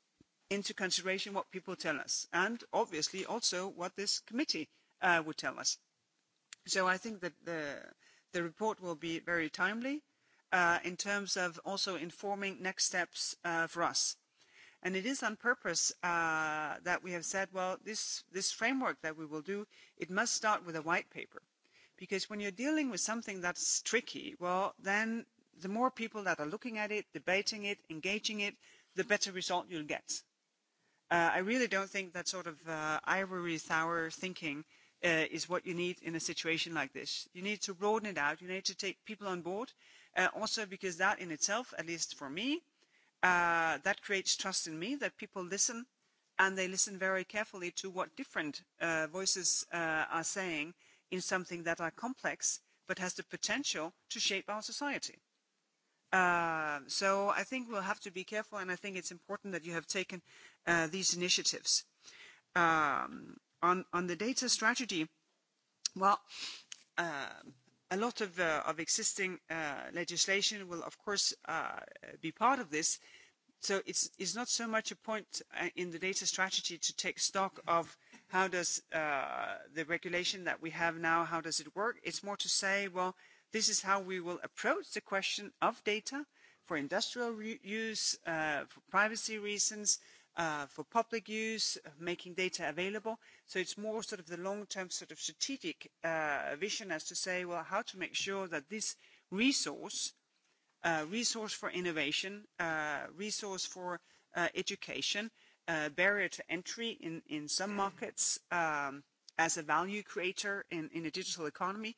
into consideration what people tell us and obviously also what this committee uh, would tell us. So I think that the, report will be very timely uh, in terms of also informing next steps uh, for us. And it is on purpose that we have said, well, this, this framework that we will do, it must start with a white paper. Because when you're dealing with something that's tricky, well, then the more people that are looking at it, debating it, engaging it, the better result you'll get Uh, I really don't think that sort of uh, ivory tower thinking uh, is what you need in a situation like this. You need to broaden it out. You need to take people on board, uh, also because that in itself, at least for me, uh, that creates trust in me that people listen and they listen very carefully to what different uh, voices uh, are saying in something that are complex but has the potential to shape our society. Uh, so I think we'll have to be careful, and I think it's important that you have taken uh, these initiatives. Um, on, on the data strategy, well, uh, a lot of, uh, of existing uh, legislation will, of course, uh, be part of this. So it's, it's not so much a point uh, in the data strategy to take stock of how does uh, the regulation that we have now, how does it work? It's more to say, well, uh, This is how we will approach the question of data for industrial use, uh, for privacy reasons, uh, for public use, uh, making data available. So it's more sort of the long-term sort of strategic uh, vision as to say, well, how to make sure that this resource, uh, resource for innovation, uh, resource for uh, education, uh, barrier to entry in, in some markets um, as a value creator in, in a digital economy,